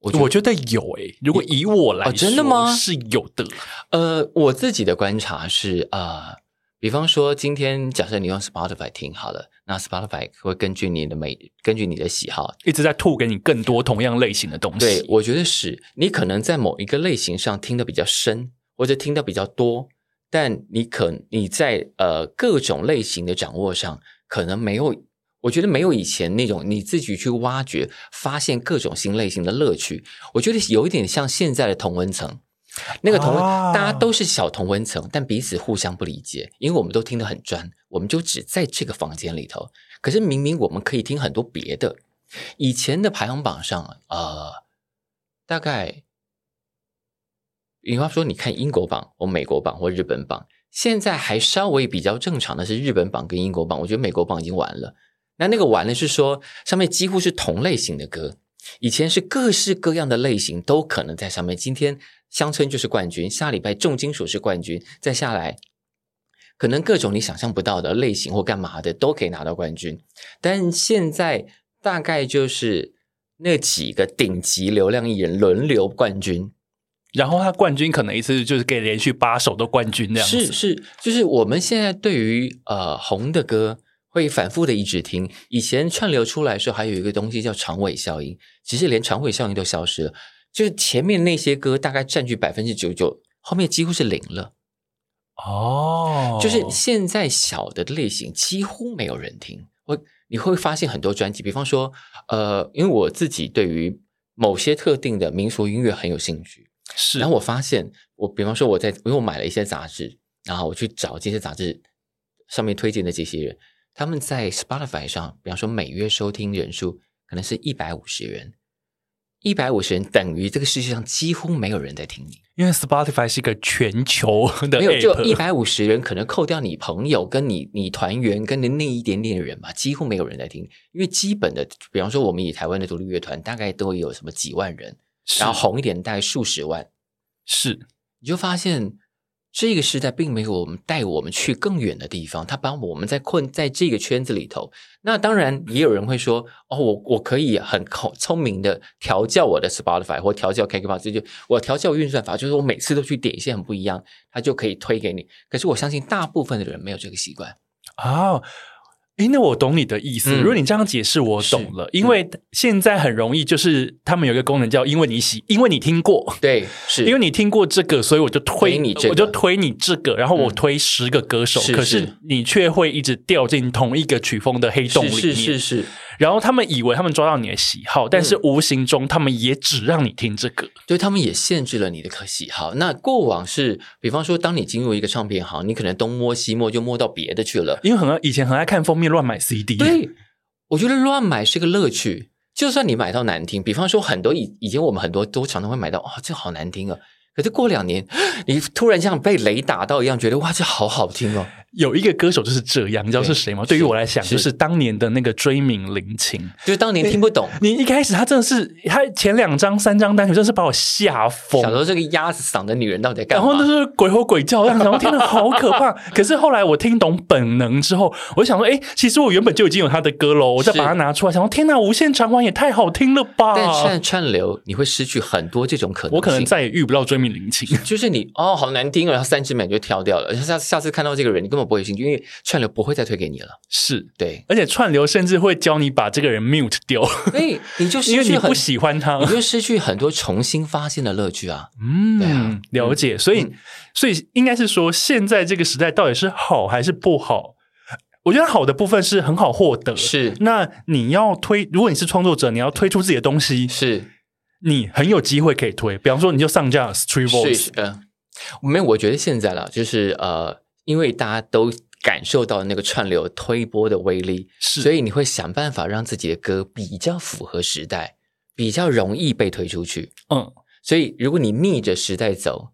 B: 我覺得，我覺得有誒、欸。如果以我來說、哦、真的嗎？是有的。呃，我自己的觀察是啊、呃，比方說今天假設你用 Spotify 聽好了，那 Spotify 會根據你的每根據你的喜好，一直在
A: 吐給你更多同樣類型的東西。對，
B: 我覺得是，你可能在某一個類型上聽得比較深，或者聽得比較多，但你可你在呃各種類型的掌握上可能沒有。我覺得沒有以前那種你自己去挖掘、發現各種新類型的樂趣。我覺得有一點像現在的同溫層，那個同溫、啊、大家都是小同溫層，但彼此互相不理解，因為我們都聽得很專，我們就只在這個房間裡頭。可是明明我們可以聽很多別的。以前的排行榜上，呃，大概比方說，你看英國榜、或美國榜、或日本榜，現在還稍微比較正常的是日本榜跟英國榜。我覺得美國榜已經完了。那那個玩的是說，上面幾乎是同類型的歌。以前是各式各樣的類型都可能在上面。今天鄉村就是冠軍，下禮拜重金屬是冠軍，再下來可能各種你想象不到的類型或幹嘛的都可以拿到冠軍。但現在大概就是那幾個頂級流量藝人輪流冠軍，然後他冠軍可能一次就是可以連續八首都冠軍那樣。是是，就是我們現在對於呃紅的歌。會反覆的一直聽。以前串流出來的時候，還有一個東西叫長尾效應，其實連長尾效應都消失了。就是前面那些歌大概佔據百分之九十九，後面幾乎是零了。
A: 哦，就是
B: 現在小的類型幾乎沒有人聽。我你會發現很多專輯，比方說，呃，因為我自己對於某些特定的民俗音樂很有興趣，是。然後我發現，我比方說我在，因為我買了一些雜誌，然後我去找這些雜誌上面推薦的這些人。他們在 Spotify 上，比方說每月收聽人數可能是一百五十人，一百五十人等於這個世界上幾乎沒有人在聽你，因為 Spotify 是一個全球的，沒有就一百五十人，可能扣掉你朋友跟你、你團員跟的那一點點的人吧，幾乎沒有人在聽，因為基本的，比方說我們以台灣的獨立樂團，大概都有什麼幾萬人，是然後紅一點大概數十萬，是，你就發現。這個時代並沒有我們帶我們去更遠的地方，他把我們在困在這個圈子裡頭。那當然也有人會說：“哦，我我可以很聰聰明的調教我的 Spotify，或調教 KKBOX，就我調教運算法，就是我每次都去點一些很不一樣，他就可以推給你。可是我相信大部分的人沒有這個習慣。
A: 哦。哎，那我懂你的意思。嗯、如果你這樣解釋，我懂了。嗯、因為現在很容易，就是他們有一個功能叫“因為你喜”，因為你聽過，對，是，因為你聽過這個，所以我就推你，這個呃，我就推你這個，然後我推十個歌手，嗯、是是，可是你卻會一直掉進同一個曲風的黑洞裡面，是。是是是。是是然後他們以為他們抓到你的喜好，但是無形中他們也只讓你聽這個，所以、嗯、對、他們也限制了你的可喜好。那過往
B: 是，比方說，當你進入一個唱片行，你可能東摸西摸就摸到別的去了，因為很以前很愛看封面亂買 CD。所以我覺得亂買是一個樂趣，就算你買到難聽，比方說很多以以前我們很多都常常會買到，哇、哦，這好難聽啊、哦！可是過兩年，
A: 你突然像被雷打到一樣，覺得哇，這好好聽哦。有一個歌手就是這樣，你知道是誰嗎？對，對於我來講，就是當年的那個椎名林檎，就是當年聽不懂，聽不懂你。你一開始他真的是，他前兩張三張單曲真的是把我嚇瘋。想說，這個鴨子嗓的女人到底在幹麼，然後就是鬼吼鬼叫，然後聽得好可怕！ *laughs* 可是後來我聽懂本能之後，我就想說，哎，其實我原本就已經有他的歌嘍，我再把它拿出來，想說天吶，無限循環也太好聽了吧！但現在串流，你會失去很多這種可能性，我可能再也遇不到椎名林檎。就是你
B: 哦，好難聽，然後三十秒就跳掉了。下次下次看到這個人，你根本。不會，因為串流不會再推給你
A: 了，是對，而且串流甚至會教你把這個人 mute 掉，所以、欸、你就是 *laughs* 因為你不喜歡他，你就失去很多重新發現的樂趣啊。嗯，對啊，了解。嗯、所以，嗯、所以應該是說，現在這個時代到底是好還是不好？我覺得好的部分是很好獲得，是。那你要推，如果你是創作者，你要推出自己的東西，是你很有機會可以推。比方說，你就上架 StreetVoice，
B: 嗯，沒有、呃，我覺得現在了，就是呃。因為大家都感受到那個串流推波的威力，是，所以你會想辦法讓自己的歌比較符合時代，比較容易被推出去。嗯，所以如果你逆着時代走。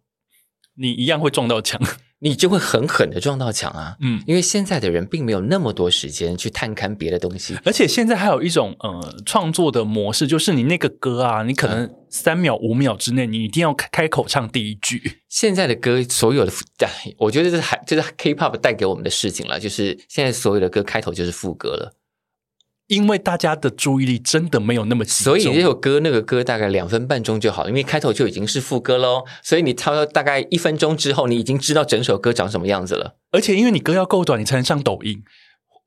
B: 你一樣會撞到牆，你就會狠狠的撞到牆啊！嗯，因為現在的人並沒有那麼多時間
A: 去探勘別的東西，而且現在還有一種呃創作的模式，就是你那個歌啊，你可能三秒五秒之內，你一定要開口唱第一句。現在
B: 的歌所有的，我覺得這是還這、就是 K-pop 帶給我們的事情了，就是現在所有的歌開頭就是副歌了。
A: 因為大家的注意力真的沒有那麼集中，所以這
B: 首歌那個歌大概兩分半鐘就好，因為開頭就已經是副歌嘍。所以你唱到大概一分鐘之後，你已經知道整首歌長什麼樣子了。而且因為你歌要夠短，你才能上抖音。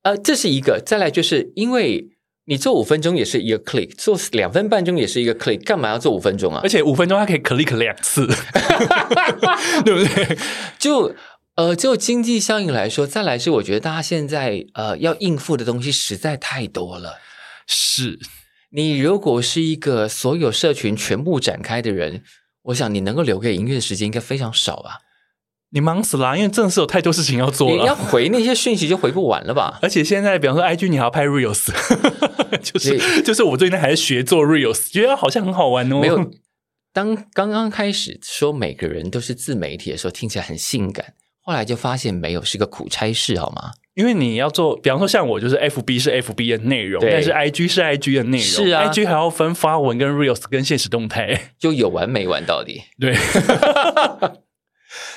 B: 呃，這是一個。再來就是因為你做五分鐘也是一個 click，做兩分半鐘也是一個 click，干嘛要做五分鐘啊？而且五分鐘它可以 click 兩次， *laughs* *laughs* 對不對？ *laughs* 就。呃，就經濟效應來說，再來是我覺得大家現在呃要應付的東西實在太多了。是你如果是一個所有社群全部展開的人，我想你能夠留給音樂的時間應該非常少
A: 吧，啊？你忙死了，啊，因為真的是有太多事情要做了，你要回那些訊息就回不完了吧？ *laughs* 而且現在，比方說 IG 你還要拍 Reels， *laughs* 就是以就是我最近還在學做 Reels，覺得好像很好玩哦。沒有，
B: 當剛剛開始說每個人都是自媒體的時候，聽起來很性感。後來就發現沒有，是個苦差事，好嗎？
A: 因為你要做，比方說像我，就是 F B 是 F B 的內容，對但是 I G 是 I G 的內容，是啊，I G 還要分發文跟 Reels 跟限時動態，就有完沒完到底？對， *laughs*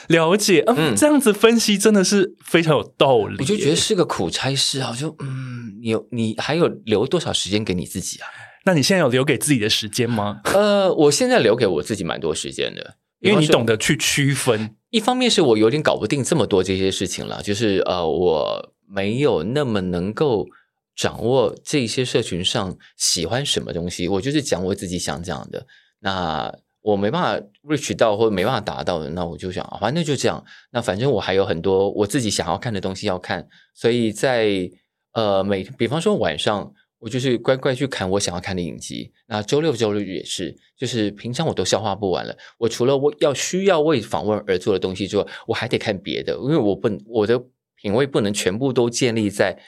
A: 了解，嗯，嗯，這樣子分析真的是非常有道理。我就覺得是個苦差事啊，我就嗯，有你，你還有留多少時間給你自己啊？那你現在有留給自己
B: 的時間嗎？呃，我現在留給我自己蠻多時間的。因為你懂得去區分。嗯，一方面是我有點搞不定這麼多這些事情了，就是呃，我沒有那麼能夠掌握這些社群上喜歡什麼東西，我就是講我自己想講的。那我沒辦法 reach 到或者沒辦法達到的，那我就想，啊，反正就這樣。那反正我還有很多我自己想要看的東西要看，所以在呃每，比方說晚上。我就是乖乖去看我想要看的影集，那週六週日也是，就是平常我都消化不完了。我除了我要需要為訪問而做的東西之外，我還得看別的，因為我不能，我的品味不能全部都建立在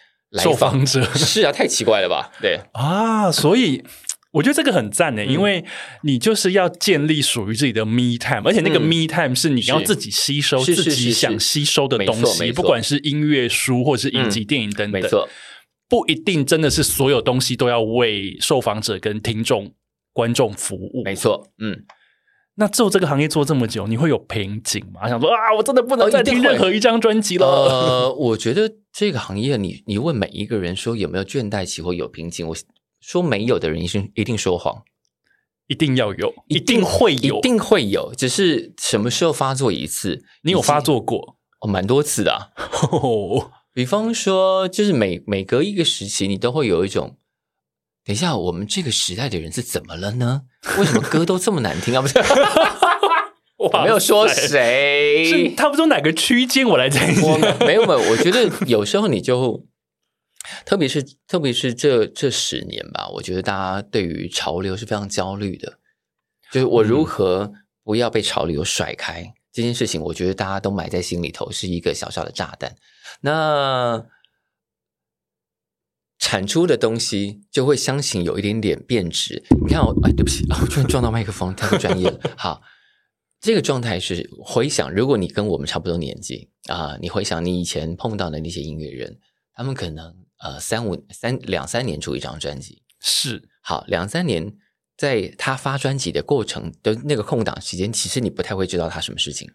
B: 受訪者 *laughs* 是啊，太奇怪了吧？對
A: 啊，所以我覺得這個很讚的，嗯、因為你就是要建立屬於自己的 me time，而且那個 me time 是你要自己吸收、自己想吸收的東西，不管是音樂、書或是影集、電影等等。嗯沒不一定真的是所有東西都要為受訪者跟聽眾、觀眾服務。沒錯，嗯，那做這個行業做這麼久，你會有瓶頸嗎？想說啊，我真的不能再聽任何一張專輯了。呃、哦， *laughs* uh, 我覺得這個行業，你你
B: 問每一個人說有沒有倦怠期或有瓶頸，我說沒有的人一定一定說謊，一定要有，一定會有，一定會有。只是什麼時候發作一次？你有發作過？哦，蠻多次的、啊。 *laughs* 比方說，就是每每隔一個時期，你都會有一種，等一下，我們這個時代的人是怎麼了呢？為什麼歌都這麼難聽啊？不是，我沒有說誰，差不多哪個區間，我來再說。沒有，沒有，我覺得有時候你就，特別是特別是這這十年吧，我覺得大家對於潮流是非常焦慮的，就是我如何不要被潮流甩開、嗯、這件事情，我覺得大家都埋在心裡頭是一個小小的炸彈。那產出的東西就會相形有一點點變質，你看我，我哎，對不起啊、哦，我居然撞到麥克風，太不專業了。 *laughs* 好，這個狀態是回想，如果你跟我們差不多年紀啊、呃，你回想你以前碰到的那些音樂人，他們可能呃三五三兩三年出一張專輯，是好兩三年，在他發專輯的過程的那個空檔時間，其實你不太會知道他什麼事情。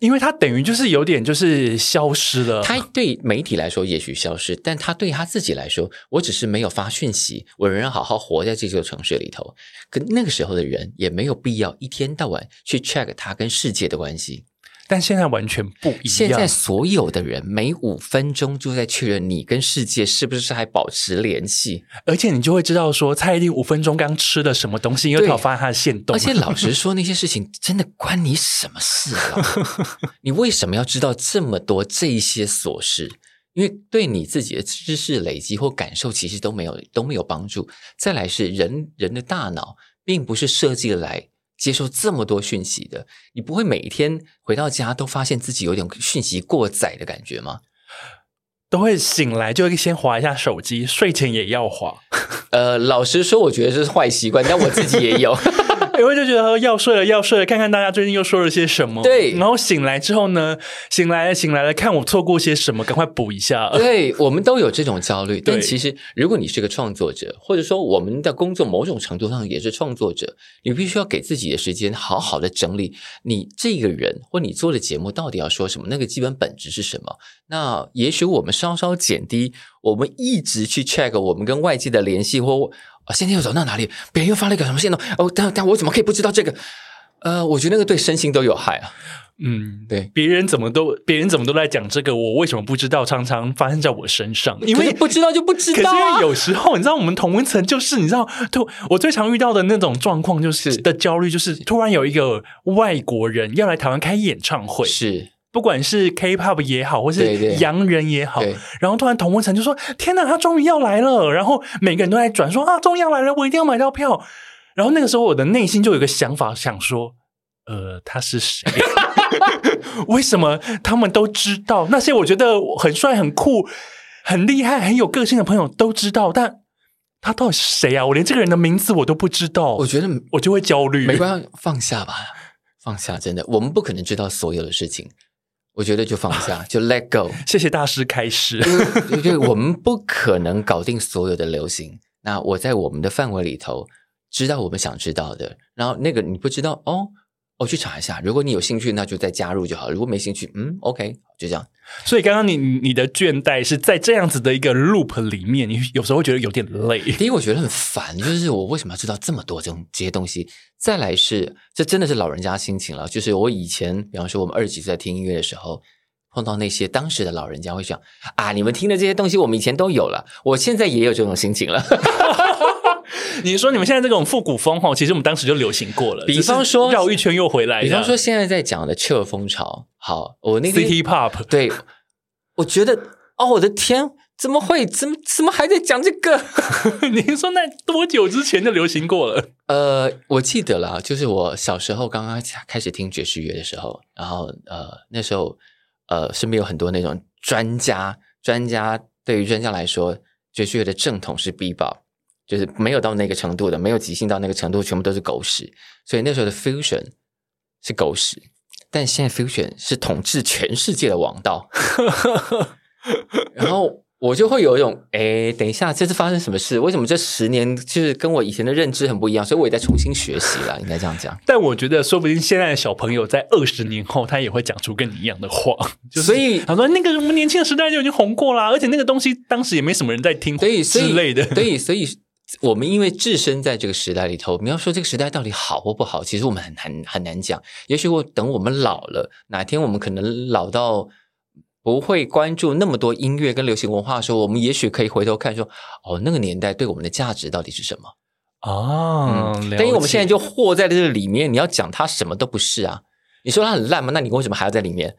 B: 因為他等於就是有點就是消失了。他對媒體來說也許消失，但他對他自己來說，我只是沒有發訊息，我仍然好好活在這座城市裡頭。可那個時候的人也沒有必要一天到晚去 check 他跟世界的關係。但現在完全不一樣。現在所有的人每五分鐘就在確認你跟世
A: 界是不是還保持聯繫，而且你就會知道說蔡依林五分鐘剛吃了什麼東西他，因為要發她的限動。而且老實說，
B: 那些事情真的關你什麼事啊？ *laughs* 你為什麼要知道這麼多這一些瑣事？因為對你自己的知識累積或感受，其實都沒有都沒有幫助。再來是人人的大腦並不是設計來。接受這麼多訊息的，你不會每天回到家都發現自己有點訊息過載的感覺嗎？都會醒來就會
A: 先滑一下手機，睡前也要滑。呃，老實說，我覺得這是壞習慣，但我自己也有。 *laughs* *laughs* 哎、欸，我就覺得要睡了，要睡了，看看大家最近又說了些什麼。對，然後醒來之後呢，醒來了，醒來了，看我錯過些什麼，趕快補一下。 *laughs* 對，我們都有這種焦慮。但其實，如果你是個創作者，
B: 或者說我們的工作某種程度上也是創作者，你必須要給自己的時間，好好的整理你這個人或你做的節目到底要說什麼，那個基本本質是什麼。那也許我們稍稍減低，我們一直去 check 我們跟外界的聯繫或。啊，現在又走到哪裡？別人又發了一個什麼
A: 限動？哦，但但我怎麼可以不知道這個？呃，我覺得那個對身心都有害啊。嗯，對，別人怎麼都，別人怎麼都在講這個，我為什麼不知道？常常發生在我身上，因為是不知道就不知道啊。可是因為有時候，你知道，我們同溫層就是，你知道，我我最常遇到的那種狀況就是，是的焦慮，就是突然有一個外國人要來台灣開演唱會，是。不管是 K-pop 也好，或是洋人也好，對對，然後突然同溫層就說：“天哪，他終於要來了！”然後每個人都來轉說：“啊，終於要來了，我一定要買到票。”然後那個時候，我的內心就有個想法，想說：“呃，他是誰？ *laughs* *laughs* 為什麼他們都知道？那些我覺得很帥、很酷、很厲害、很有個性的朋友都知道，但他到底是誰啊？我連這個人的名字我都不知道。我覺得我就會焦慮。沒關係，放下吧，
B: 放下。真的，我們不可能知道所有的事情。”我覺得就放下，oh, 就 let go。謝謝大師開始。 *laughs* 就，就，就我們不可能搞定所有的流行。 *laughs* 那我在我們的範圍裡頭，知道我們想知道的。然後那個你不知道哦。我、哦、去查一下，如果你有興趣，那就再加入就
A: 好，如果沒興趣，嗯，OK，就這樣。所以剛剛你你的倦怠是在這樣子的一個 loop 裡面，你有時候會覺得有點累。第一，我覺得很煩，就是我為什麼要知道這麼多這種
B: 這些東西？再來是，這真的是老人家心情了。就是我以前，比方說我們二十幾歲在聽音樂的時候，碰到那些當時的老人家會想啊，你們聽的這些東西我們以前
A: 都有了，我現在也有這種心情了。 *laughs* 你說你們現在這種復古風哈，其實我們當時就流行過了。比方說，繞一圈又回來。比方說，
B: 現在在講的 Chill 風潮，
A: 好，我那個 City Pop，對，我覺得，哦，我的天，怎麼會，怎麼，怎麼還在講這個？您說那多久之前就流行過了？
B: 呃，我記得了，就是我小時候剛剛開始聽爵士樂的時候，然後呃，那時候呃，身邊有很多那種專家，專家對於專家來說，爵士樂的正統是 Be Bop。就是沒有到那個程度的，沒有即興到那個程度，全部都是狗屎。所以那時候的 fusion 是狗屎，但現在 fusion 是統治全世界的王道。 *laughs* 然後我就會有一種，誒，等一下，這次發生什麼事？為什麼這十年就是跟我以前的認知很不一樣？所以我也在重新學習了，應該
A: 這樣講。但我覺得，說不定現在的小朋友在二十年後，他也會講出跟你一樣的話。就是、所以他說，那個我們年輕的時代就已經紅過啦，而且那個東西當時也沒什麼人在聽，所以之類的，對，所以所以。我們因為置身在這個時代裡頭，你要
B: 說這個時代到底好或不好，其實我們很難很難講。也許我等我們老了，哪天我們可能老到不會關注那麼多音樂跟流行文化的時候，我們也許可以回頭看說，說哦，那個年代對我們的價值到底是什麼？哦，
A: 但因為我們現在就
B: 活在這個裡面，你要講它什麼都不是啊？你說它很爛嗎？那你為什麼還要在
A: 裡面？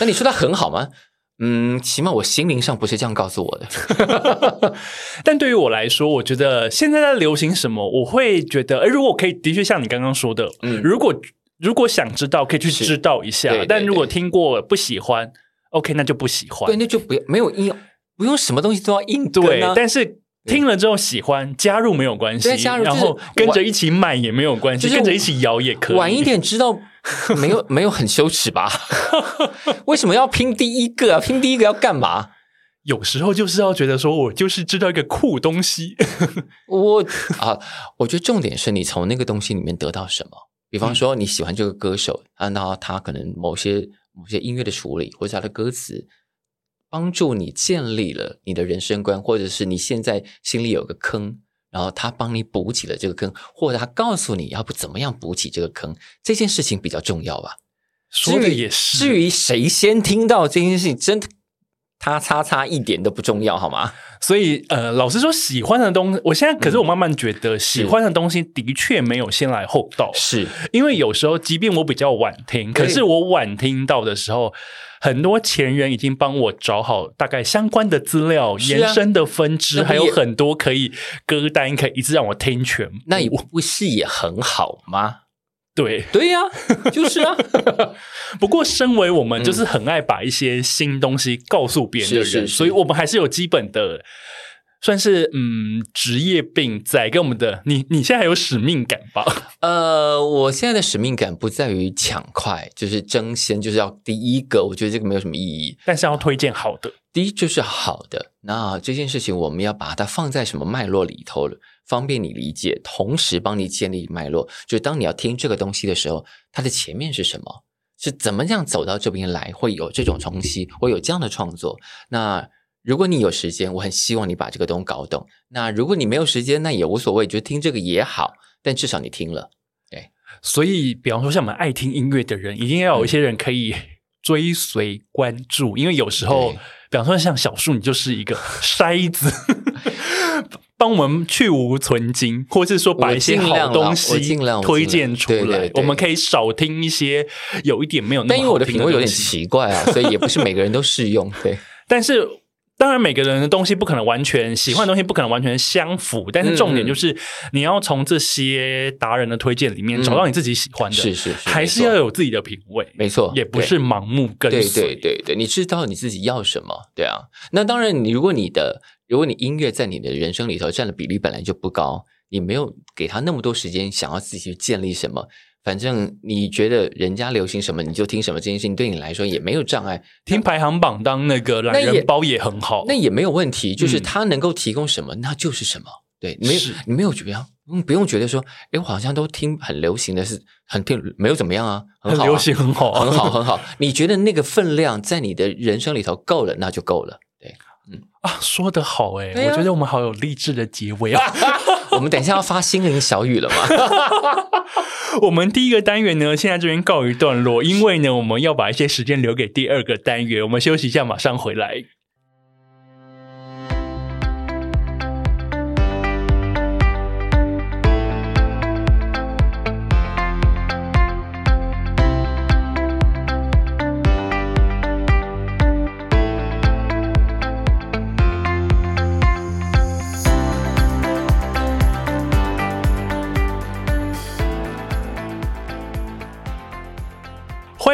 A: 那你說它很好嗎？ *laughs* 嗯，起碼我心靈上不是這樣告訴我的。 *laughs* *laughs* 但對於我來說，我覺得現在在流行什麼，我會覺得，哎，如果可以，的確像你剛剛說的，嗯，如果如果想知道，可以去知道一下。對對對但如果聽過不喜歡對對對，OK，那就不喜歡。對，那就不要，沒有應用，不用什麼東西都要應對。但是聽了之後喜歡、嗯、加入沒有關係，就是、然後跟着一起買也沒有關係，就是、跟着一起搖也可以。晚一點知道。 *laughs* 沒有沒有很羞恥吧？ *laughs* 為什麼要拼第一個啊？拼第一個要幹嘛？有時候就是要覺得說我就是知道一個酷東西。 *laughs* 我啊，
B: 我覺得重點是你從那個東西裡面得到什麼。比方說你喜歡這個歌手按照、嗯啊、他可能某些某些音樂的處理或者他的歌詞，幫助你建立了你的人生觀，或者是你現在心裡有個坑。然後他幫你補起了這個坑，或者他告訴你要不怎麼樣補起這個坑，這件事情比較重要吧。
A: 說的也是。至於誰先聽到這件事情，嗯、真的，他差差一點都不重要，好嗎？所以呃，老實說，喜歡的東西，我現在可是我慢慢覺得，喜歡的東西的確沒有先來後到，是因為有時候即便我比較晚聽，可是我晚聽到的時候。很多前人已經幫我找好大概相關的資料、啊、延伸的分支，還有很多可以歌單可以一直讓我聽全。那我不是也很好嗎？對，對呀、啊，就是啊。 *laughs* 不過，身為我們就是很愛把一些新東西告訴別人的人，嗯、是是是，所以我們還是有基本的。算是嗯職業病宰，載給我們的。你你現在還有使命
B: 感吧？呃，我現在的使命感不在於搶快，就是爭先，就是要第一個。我覺得這個沒有什麼意義，
A: 但是要推薦好的。
B: 啊，第一就是好的。那這件事情我們要把它放在什麼脈絡裡頭了，方便你理解，同時幫你建立脈絡。就當你要聽這個東西的時候，它的前面是什麼？是怎麼這樣走到這邊來，會有這種衝擊。會有這樣的創作。那。如果你有時間，我很希望你把這個東西搞懂。那如果你沒有時間，那也無所謂，就聽這個也好。但
A: 至少你聽了，對。所以，比方說，像我們愛聽音樂的人，一定要有一些人可以追隨關注，嗯、因為有時候，對比方說像小樹，你就是一個篩子，對 *laughs* 幫我們去蕪存菁，或者是說，把一些好東西推薦出來，我們可以少聽一些有一點沒有那麼好聽的東西。但因為我的品味有點奇怪啊，所以也不是每個人都適用。對， *laughs* 但是。當然，每個人的東西不可能完全喜歡的東西不可能完全相符，是嗯、但是重點就是你要從這些達人的推薦裡面找到你自己喜歡的，嗯、是，是是，還是要有自己的品味，沒錯，也不是盲目跟隨，對，對
B: 對對對，你知道你自己要什麼，對啊。那當然，你如果你的如果你音樂在你的人生裡頭占的比例本來就不高，你沒有給他那麼多時間，想要自己去建立什麼。反正你覺得人家流行什麼，你就聽什麼。這件事情對你來說也沒有障礙，聽排行榜當那個懶人包也很好，那也，那也沒有問題。就是他能夠提供什麼，嗯、那就是什麼。對，沒有你沒有覺得，嗯是，不用覺得說，哎、欸，我好像都聽很流行的是很聽，沒有怎麼樣啊，很，好啊很流行很好，啊，很好，很好，很好，很好。你覺得那個分量在你的人生裡頭夠了，那就夠了。對，嗯
A: 啊，說得好哎，啊、我覺得我們好有勵志的結尾啊。 *laughs* 我們等一下要發心靈小語了嗎？我們第一個單元呢，現在這邊告一段落，因為呢，我們要把一些時間留給第二個單元。我們休息一下，馬上回來。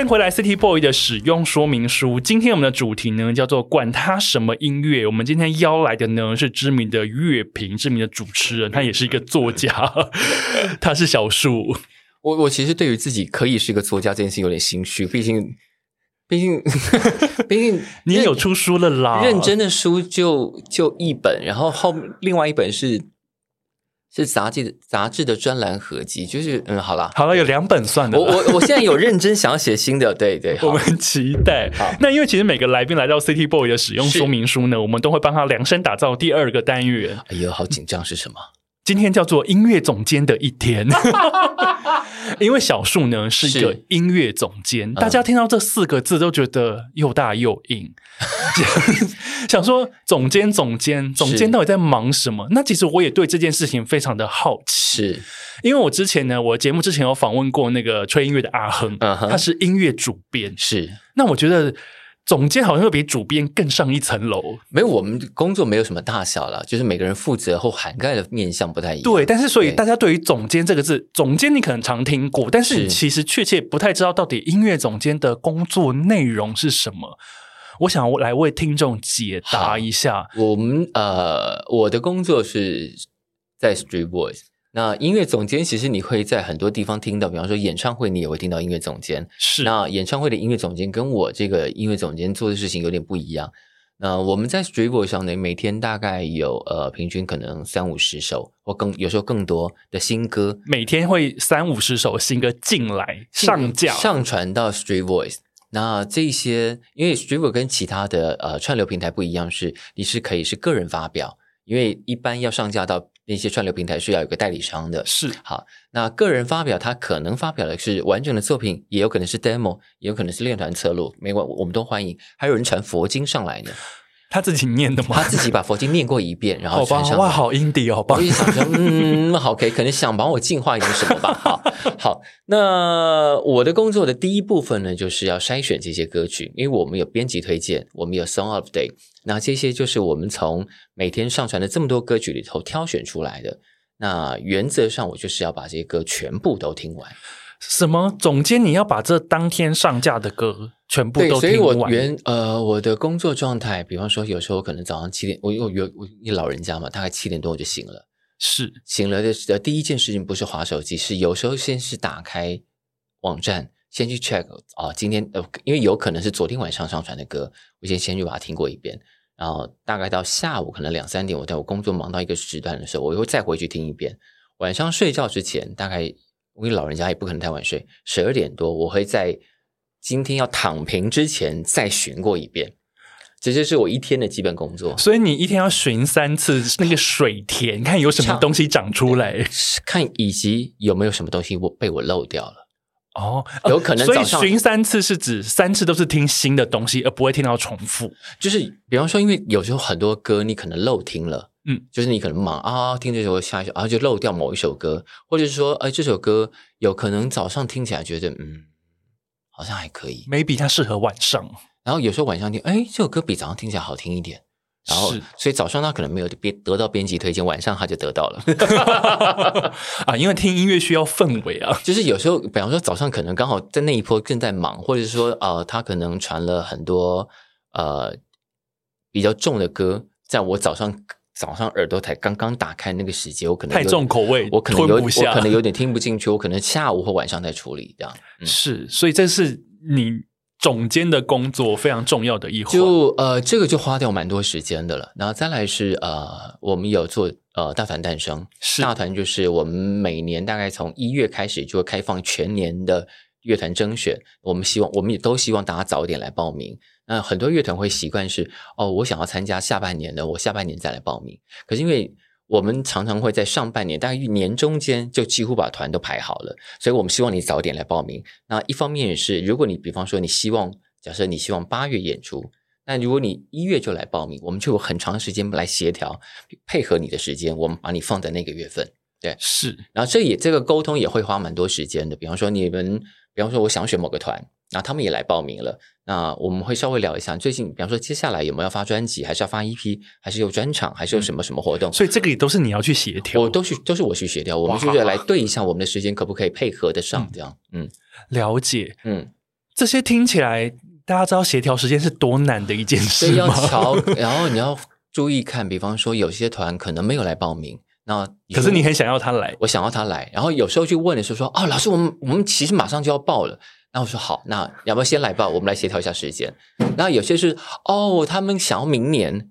A: 歡迎回來，City Boy 的使用說明書。今天我們的主題呢叫做“管他什麼音樂”。我們今天邀來的呢是知名的樂評，知名的主持人，他也是一個作家， *laughs* 他是小樹。我我其實對於自己可以是一個作家這件事情有點心虛，畢竟畢竟呵呵
B: 畢竟 *laughs* 你也有出書了啦。認真的書就就一本，然後後另外一本是。是雜誌的雜誌的專欄
A: 合集，就是嗯，好了，好了，有兩本算的。我我我現在有認真想要寫新的， *laughs* 對，對對，我們期待。好那因為其實每個來賓來到 City Boy 的使用說明書呢，是我們都會幫他量身打造第二個單元。哎喲好緊張，是什麼？嗯今天叫做音樂總監的一天， *laughs* *laughs* 因為小樹呢是一個音樂總監，是大家聽到這四個字都覺得又大又硬， *laughs* *laughs* 想說總監總監總監到底在忙什麼？是那其實我也對這件事情非常的好奇，是因為我之前呢，我節目之前有訪問過那個吹音樂的阿亨，uh huh、他是音樂主編，是那我覺得。總監好像會比主編更上一層樓。沒有，我們工作沒
B: 有什麼大小了，就是每個人負責或涵蓋的面向不太一樣。
A: 對，但是所以大家對於“總監”這個字，對總監你可能常聽過，但是你其實確切不太知道到底音樂總監的工作內容是什麼。我想來為聽眾解答一下。我們
B: 呃，我的工作是在 StreetVoice。那音樂總監其實你會在很多地方聽到，比方說演唱會，你也會聽到音樂總監。是。那演唱會的音樂總監跟我這個音樂總監做的事情有點不一樣。那我們在 StreetVoice 上呢，每天大概有呃平均可能三五十首，或更有時候更多的新歌，每天會三五十首新歌進來上架上傳到 StreetVoice。那這些，因為 StreetVoice 跟其他的呃串流平台不一樣，是你是可以是個人發表，因為一般要上架到。那些串流平台需要有個代理商的，是。好，那個人發表，他可能發表的是完整的作品，也有可能是 demo，也有可能是練團側錄，沒關係，我們都歡迎。還有人傳佛經上來呢，他自己念的嗎？他自己把佛經念過一遍，然後傳上來。哇，好 indie，好棒。所以想說，嗯，好，可以，可能想幫我淨化一點什麼吧。好，好。那我的工作的第一部分呢，就是要篩選這些歌曲，因為我們有編輯推薦，我們有 Song of the Day。那這些就是我們從每天上傳的這麼多歌曲裡頭挑選出來的。那原則上，我就是要把這些
A: 歌全部都聽完。什麼，總監，你要把這當天上架的歌全部都聽完？對，所以我原
B: 呃，我的工作狀態，比方說，有時候可能早上七點，我又有，我，我你老人家嘛，大概七點多我就醒了，是醒了的。呃，第一件事情不是滑手機，是有時候先是打開網站。先去 check 哦，今天呃，因為有可能是昨天晚上上傳的歌，我先先去把它聽過一遍，然後大概到下午可能兩三點，我在我工作忙到一個時段的時候，我又再回去聽一遍。晚上睡覺之前，大概我老人家也不可能太晚睡，十二點多我會在今天要躺平之前再巡過一遍。這就是我一天的基本工作。
A: 所以你一天要巡三次那個水田，看有什麼東西長出來，看以及有沒有什麼東西我被我漏掉了。哦，oh, 有可能，所以循三次是指三次都是聽新的東西，而不會聽到重複。就是比方說，因為有時候很多歌你可能
B: 漏聽了，嗯，就是你可能忙啊聽這首歌，下一首，然後就漏掉某一首歌，或者是說，哎，這首歌有可能早上聽起來覺得嗯，好像還可以，maybe 它適合晚上。然後有時候晚上聽，哎，這首歌比早上聽起來好聽一點。然後，是所以早上他可能沒有編得到編輯推薦，晚上他就得到了。哈哈哈，啊，因為聽音樂需要氛圍啊，就是有時候，比方說早上可能剛好在那一波正在忙，或者是說啊、呃，他可能傳了很多呃比較重的歌，在我早上早上耳朵才剛剛打開那個時間，我可能有太重口味，我可能有我可能有，我可能有點聽不進去，我可能下午或晚上再處理這樣。
A: 嗯、是，所以這是你總
B: 監的工作非常重要的一環，就呃，這個就花掉蠻多時間的了。然後再來是呃，我們有做呃大團誕生，是，大團就是我們每年大概從一月開始就會開放全年的樂團徵選，我們希望我們也都希望大家早一點來報名。那很多樂團會習慣是哦，我想要參加下半年的，我下半年再來報名。可是因為我們常常會在上半年，大概一年中間就幾乎把團都排好了，所以我們希望你早點來報名。那一方面是，如果你比方說你希望，假設你希望八月演出，那如果你一月就來報名，我們就有很長時間來協調配合你的時間，我們把你放在那個月份。對，是。然後這也這個溝通也會花蠻多時間的，比方說你們，比方說我想選某個團。那他們也來報名了。那我們會稍微聊一下最近，比方說接下來有沒有要發專輯，還是要發 EP，還是有專場，還是有什麼什麼活動？嗯、所以這個也都是你要去協調，我都去，都是我去協調。我們就是來對一下我們的時間，可不可以配合得上？哇嗯、這樣，
A: 嗯，了解，嗯，這些聽起來大家知道協調時間是多難的一件事。對要調，
B: *laughs* 然後你要注意看，比方說有些團可能沒有來報名，那可是你很想要他來，我想要他來。然後有時候去問的時候說，哦，老師，我們我們其實馬上就要報了。那我說好，那要不要先來吧？我們來協調一下時間。那有些是哦，他們想要明年。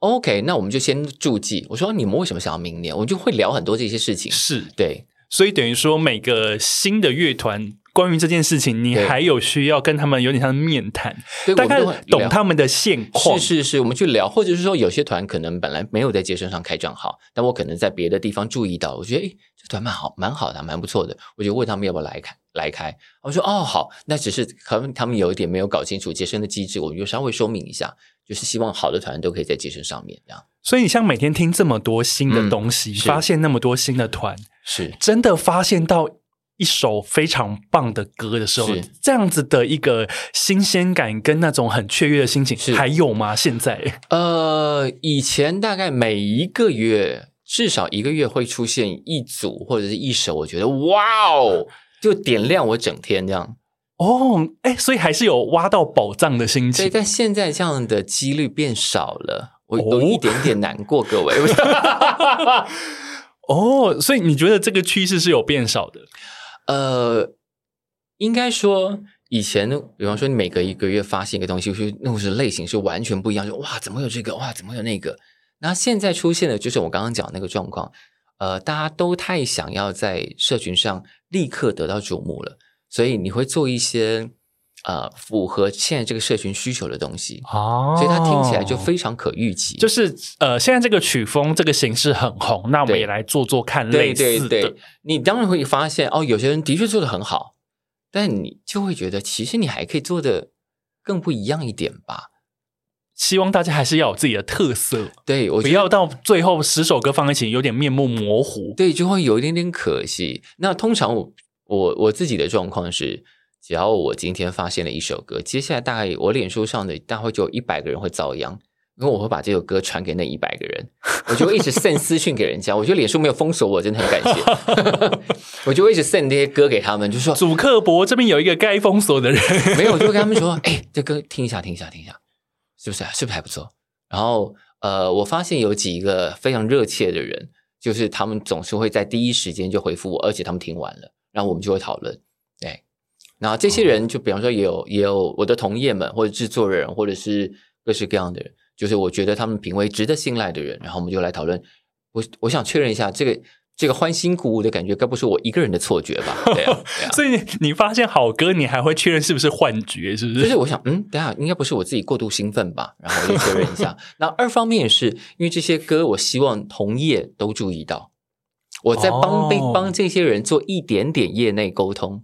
B: OK，那我們就先注記。我說你們為什麼想要明年？我們就會聊很多這些事情。是對，
A: 所以等於說每個新的樂團，關於這件事情，你還有需要跟他們有點像面談，對大概懂他們的現況。是是是，我們去聊，或者是說有些團可能本
B: 來沒有在街聲上開賬號，但我可能在別的地方注意到，我覺得誒、欸，這團蠻好，蠻好的，蠻不錯的，我就問他們要不要來看。來開，我說哦好，那只是可能他們有一點沒有搞清楚街聲的機制，我們就稍微說明一下，就是希望好的團都可以在街聲上面這樣。
A: 所以你像每天聽這麼多新的東西，嗯、發現那麼多新的團，是真的發現到一首非常棒的歌的時候，是這樣子的一個新鮮感跟那種很雀躍的心情，是還有嗎？現在呃，以前大
B: 概每一個月至少一個月會出現一組或者是一首，我覺得哇哦。嗯就點亮我整天這樣
A: 哦，哎、oh, 欸，所以還是有挖
B: 到寶藏的心情對。但現在這樣的幾率變少了，我有一點點難過，oh. 各位。哦 *laughs* ，oh, 所以你覺得這個趨勢是有變少的？呃，應該說以前，比方說你每隔一個月發現一個東西，就是那種是類型是完全不一樣，就哇，怎麼有這個？哇，怎麼有那個？那現在出現的就是我剛剛講那個狀況。呃，大家都太想要在社群上立刻得到矚目了，所以你會做一些，呃，符合現在這個社群需求的東西哦，所以它聽起來就非常可預期。就是呃，現在這個曲風這個形式很紅，那我們也來做做看類似的，對。對對對，你當然會發現哦，有些人的確做得很好，但你就會覺得，其實你還可以做得
A: 更不一樣一點吧。希望大家還是要有自己的特色，對，我覺得不要到最後十首歌放在一起，有點面目模糊，對，就會有一點點可惜。那
B: 通常我我我自己的狀況是，只要我今天發現了一首歌，接下來大概我臉書上的大概就有一百個人會遭殃，因為我會把這首歌傳給那一百個人，我就會一直 send 私訊給人家。 *laughs* 我覺得臉書沒有封鎖我，真的很感謝。 *laughs* 我就會一直 send 那些歌給他們，就說祖克伯這邊有一個該封鎖的人，沒有，我就會跟他們說，哎、 *laughs* 欸，這歌聽一下，聽一下，聽一下。是不是啊，是不是還不錯？然後呃，我發現有幾個非常熱切的人，就是他們總是會在第一時間就回復我，而且他們聽完了，然後我們就會討論。哎，然後這些人就比方說也有也有我的同業們，或者製作人，或者是各式各樣的人，就是我覺得他們品味值得信賴的人，然後我們就來討論。我我想確認一下這個。這個歡欣鼓舞的感覺，該不是我一個人的錯覺吧？對啊，對啊，呵呵，所以你發現好歌，你還會確認是不是幻覺？是不是？就是我想，嗯，等下應該不是我自己過度興奮吧？然後確認一下。 *laughs* 那二方面也是因為這些歌，我希望同業都注意到，我在幫被、哦、幫這些人做一點
A: 點業內溝通。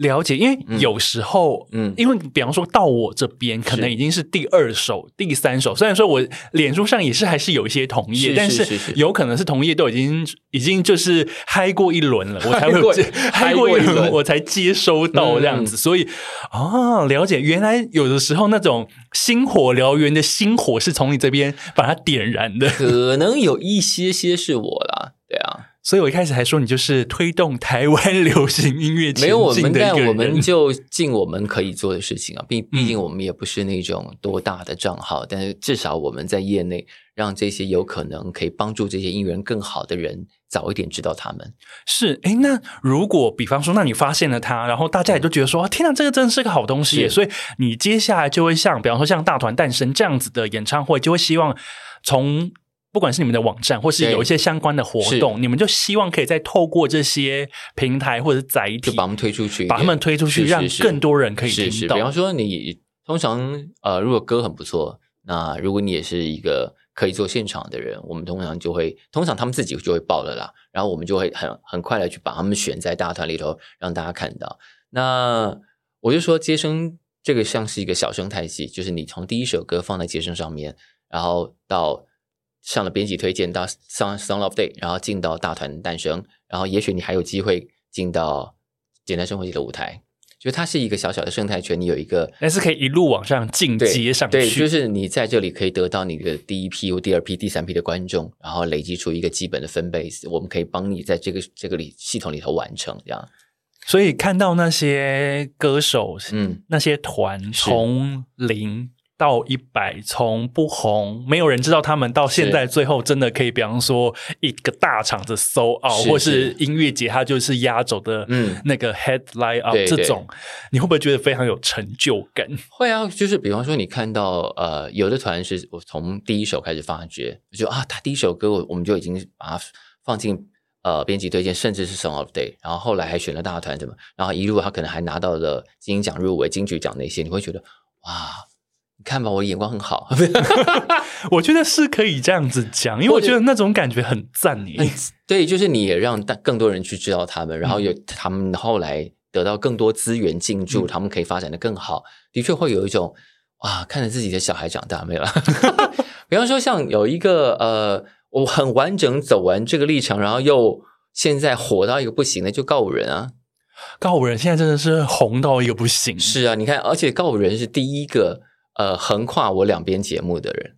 A: 了解，因為有時候，嗯，因為比方說到我這邊，嗯、可能已經是第二首、第三首。是雖然說我臉書上也是還是有一些同業，是但是有可能是同業都已經已經就是嗨過一輪了，過我才會嗨過一輪，我才接收到這樣子。嗯嗯、所以啊，了解，原來有的時候那種星火燎原的星火是從你這邊把它點燃的，可能有一些些是我啦，對啊。所以我一開始還說，你就是推動台灣流行音樂前進的一個人。沒有，我們在，我們
B: 就盡我們可以做的事情啊，畢畢竟我們也不是那種多大的賬號，嗯、但是至少我們在業內讓這些有可能可以幫助這些音樂人更好的人早一點知道他們
A: 是。哎，那如果比方說，那你發現了他，然後大家也都覺得說，嗯、天哪，這個真的是個好東西。是所以你接下來就會像比方說像大團誕生這樣子的演唱會，就會希望從。不管是你們的網站，或是有一些相關的活動，你們就希望可以再透過這些平台或者載體，就把他們推出去，把他們推出去，讓更多人可以聽到。是是是是是是，比方說你，你
B: 通常呃，如果歌很不錯，那如果你也是一個可以做現場的人，我們通常就會，通常他們自己就會報了啦。然後我們就會很很快的去把他們選在大團裡頭，讓大家看到。那我就說，街聲這個像是一個小生態系，就是你從第一首歌放在街聲上面，然後到上了編輯推薦，到 song song of day，然後進到大團誕生，然後也許你還有機會進到簡單生活節的舞台。就它是一個小小的生態圈，你有一個，
A: 但是可以一路往上進階上去對。對，就是
B: 你在這裡可以得到你的第一批、第二批、第三批的觀眾，然後累積出一個基本的 fan base，我們可以幫你在這個這個裡系統裡頭完成這樣。
A: 所以看到那些歌手，嗯，那些團從零。是到一百從不紅，沒有人知道他們到現在最後真的可以，比方說一個大場的 sold out 或是音樂節，他就是壓軸的，嗯，那個 headline out 這種，你會不會覺得非常有成就感？會啊，就是比方說你看到呃，有的團是我從第一首開始發掘，
B: 就啊，他第一首歌我我們就已經把它放進呃編輯推薦，甚至是 song of day，然後後來還選了大團什麼，然後一路他可能還拿到了金音獎入圍、金曲獎那些，你會覺得哇！看吧，我眼光很好 *laughs* *laughs* 我覺得是可以這樣子講，因為我覺得那種感覺很讚耶，嗯，對，就是你也讓大更多人去知道他們，然後有，嗯、他們後來得到更多資源進駐，嗯、他們可以發展得更好。的確會有一種啊，看着自己的小孩長大，沒有？ *laughs* 比方說，像有一個呃，我很完整走完這個歷程，然後又現在火到一個不行的，就告五人啊，告五人現在真的是紅到一個不行。是啊，你看，而且告五人是第一個。呃，橫跨我兩邊節目的人，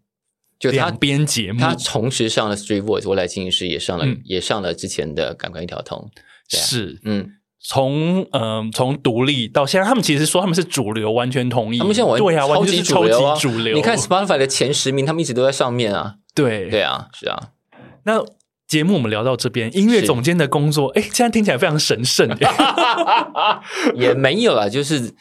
B: 就兩邊節目，他同時上了《Street Voice》，我來聽音樂也上了，也上了之前的《感官一條通》，
A: 是嗯。從嗯從獨立到現在，他們其實說他們是主流，完全同意，他們現在對呀，超級超級主流，你看
B: Spotify 的前十名，他們一直都在上面啊！
A: 對對啊，是啊。那節目我們聊到這邊，音樂總監的工作，哎，現在聽起來非常神聖，哈哈哈哈也沒有啦，就是。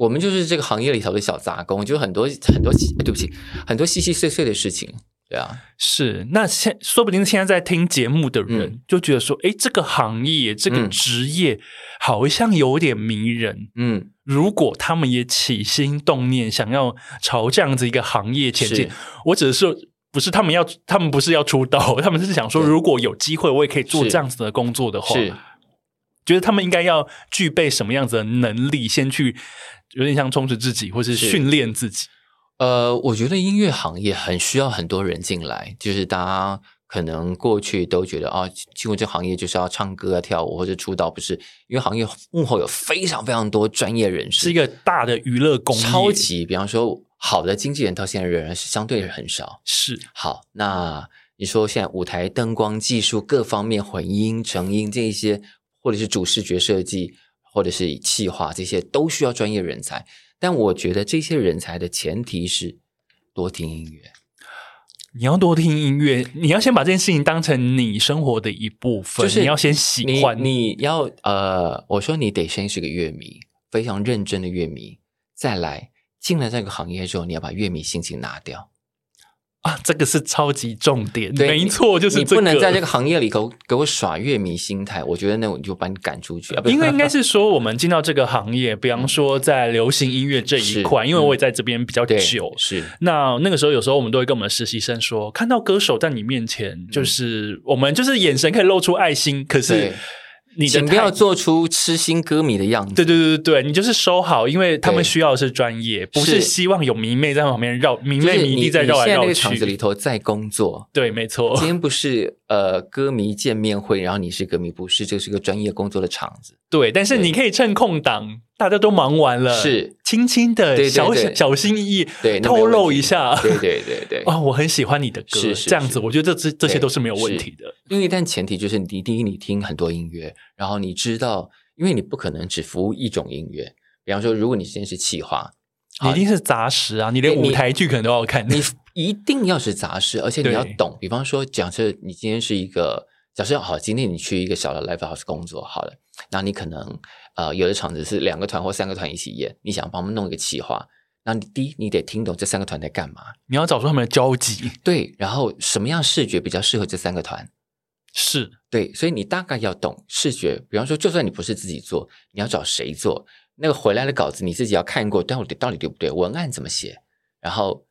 A: 我們就是這個行業裡
B: 頭的小雜工，就很多很多細，對不起，很多細細碎碎的事情，對啊，是。
A: 那現說不定現在在聽節目的人、嗯、就覺得說，哎，這個行業這個職業、嗯、好像有點迷人，嗯。如果他們也起心動念，想要朝這樣子一個行業前進，是我只是說，不是他們要，他們不是要出道，他們是想說，如果有機會，我也可以做這樣子的工作的話。覺得他們應該要具備什麼樣子的能力？先去有點像充實自己，或是訓練
B: 自己。呃，我覺得音樂行業很需要很多人進來。就是大家可能過去都覺得啊、哦，進入這行業就是要唱歌、跳舞或者出道，不是？因為行業幕後有非常非常多專業人士，是一個大的娛樂工業。超級比方說，好的經紀人到現在仍然是相對很少。是好，那你說現在舞台燈光技術各方面混音、成音這一些，或者是主視覺設計，或者是企劃，這些都需要專業人才。但我覺得這些人才的前提是多聽音樂。
A: 你要多聽音樂，嗯、你要先把這件事情當成你生活的一部分。就是你要先
B: 喜歡，你要呃，我說你得先是個樂迷，非常認真的樂迷。再來進了這個行業之後，你要把樂迷心情拿掉。啊，這個是超級重點，對沒錯，就是、這個、你不能在這個行業裡頭給我耍樂迷心態，我覺得那我就把你趕出去。因為應
A: 該是說，我們進到這個行業，嗯、比方說在流行音樂這一塊，是因為我也在這邊比較久，嗯、是那那個時候，有時候我們都會跟我們的實習生說，看到歌手在你面前，就是、嗯、我們就是眼神可以露出愛心，可是，你請不要做出痴心歌迷的樣子。對對對對，你就是收好，因為他們需要的是專業，對不是希望有迷妹在旁邊繞，就是、迷妹迷弟在繞來繞去。場子裡
B: 頭在工作，對，沒錯。今天不是呃歌迷見面會，然後你是歌迷，不是，這是個專業工作的
A: 場子。對，但是你可以趁空檔。大家都忙完了，是輕輕的，小小心翼翼，對，透露一下，對對對對，啊，我很喜歡你的歌，是這樣子，我覺得這這些都是沒有問題的，
B: 因為但前提就是你第一，你聽很多音樂，然後你知道，因為你不可能只服務一種音樂，比方說，如果你今天是企劃，你一定是
A: 雜食啊，你連舞台劇可能都要看，你一定要是雜食，
B: 而且你要懂，比方說，假設你今天是一個，假設好，今天你去一個小的 live house 工作，好了，那你可能。呃，有的場子是兩個團或三個團一起演，你想幫他們弄一個企劃，那你第一，你得聽懂這三個團在幹嘛，你要找出他們的交集，對，然後什麼樣視覺比較適合這三個團，是，對，所以你大概要懂視覺，比方說就算你不是自己做，你要找誰做，那個回來的稿子，你自己要看過，到底到底對不對，文案怎麼寫，然後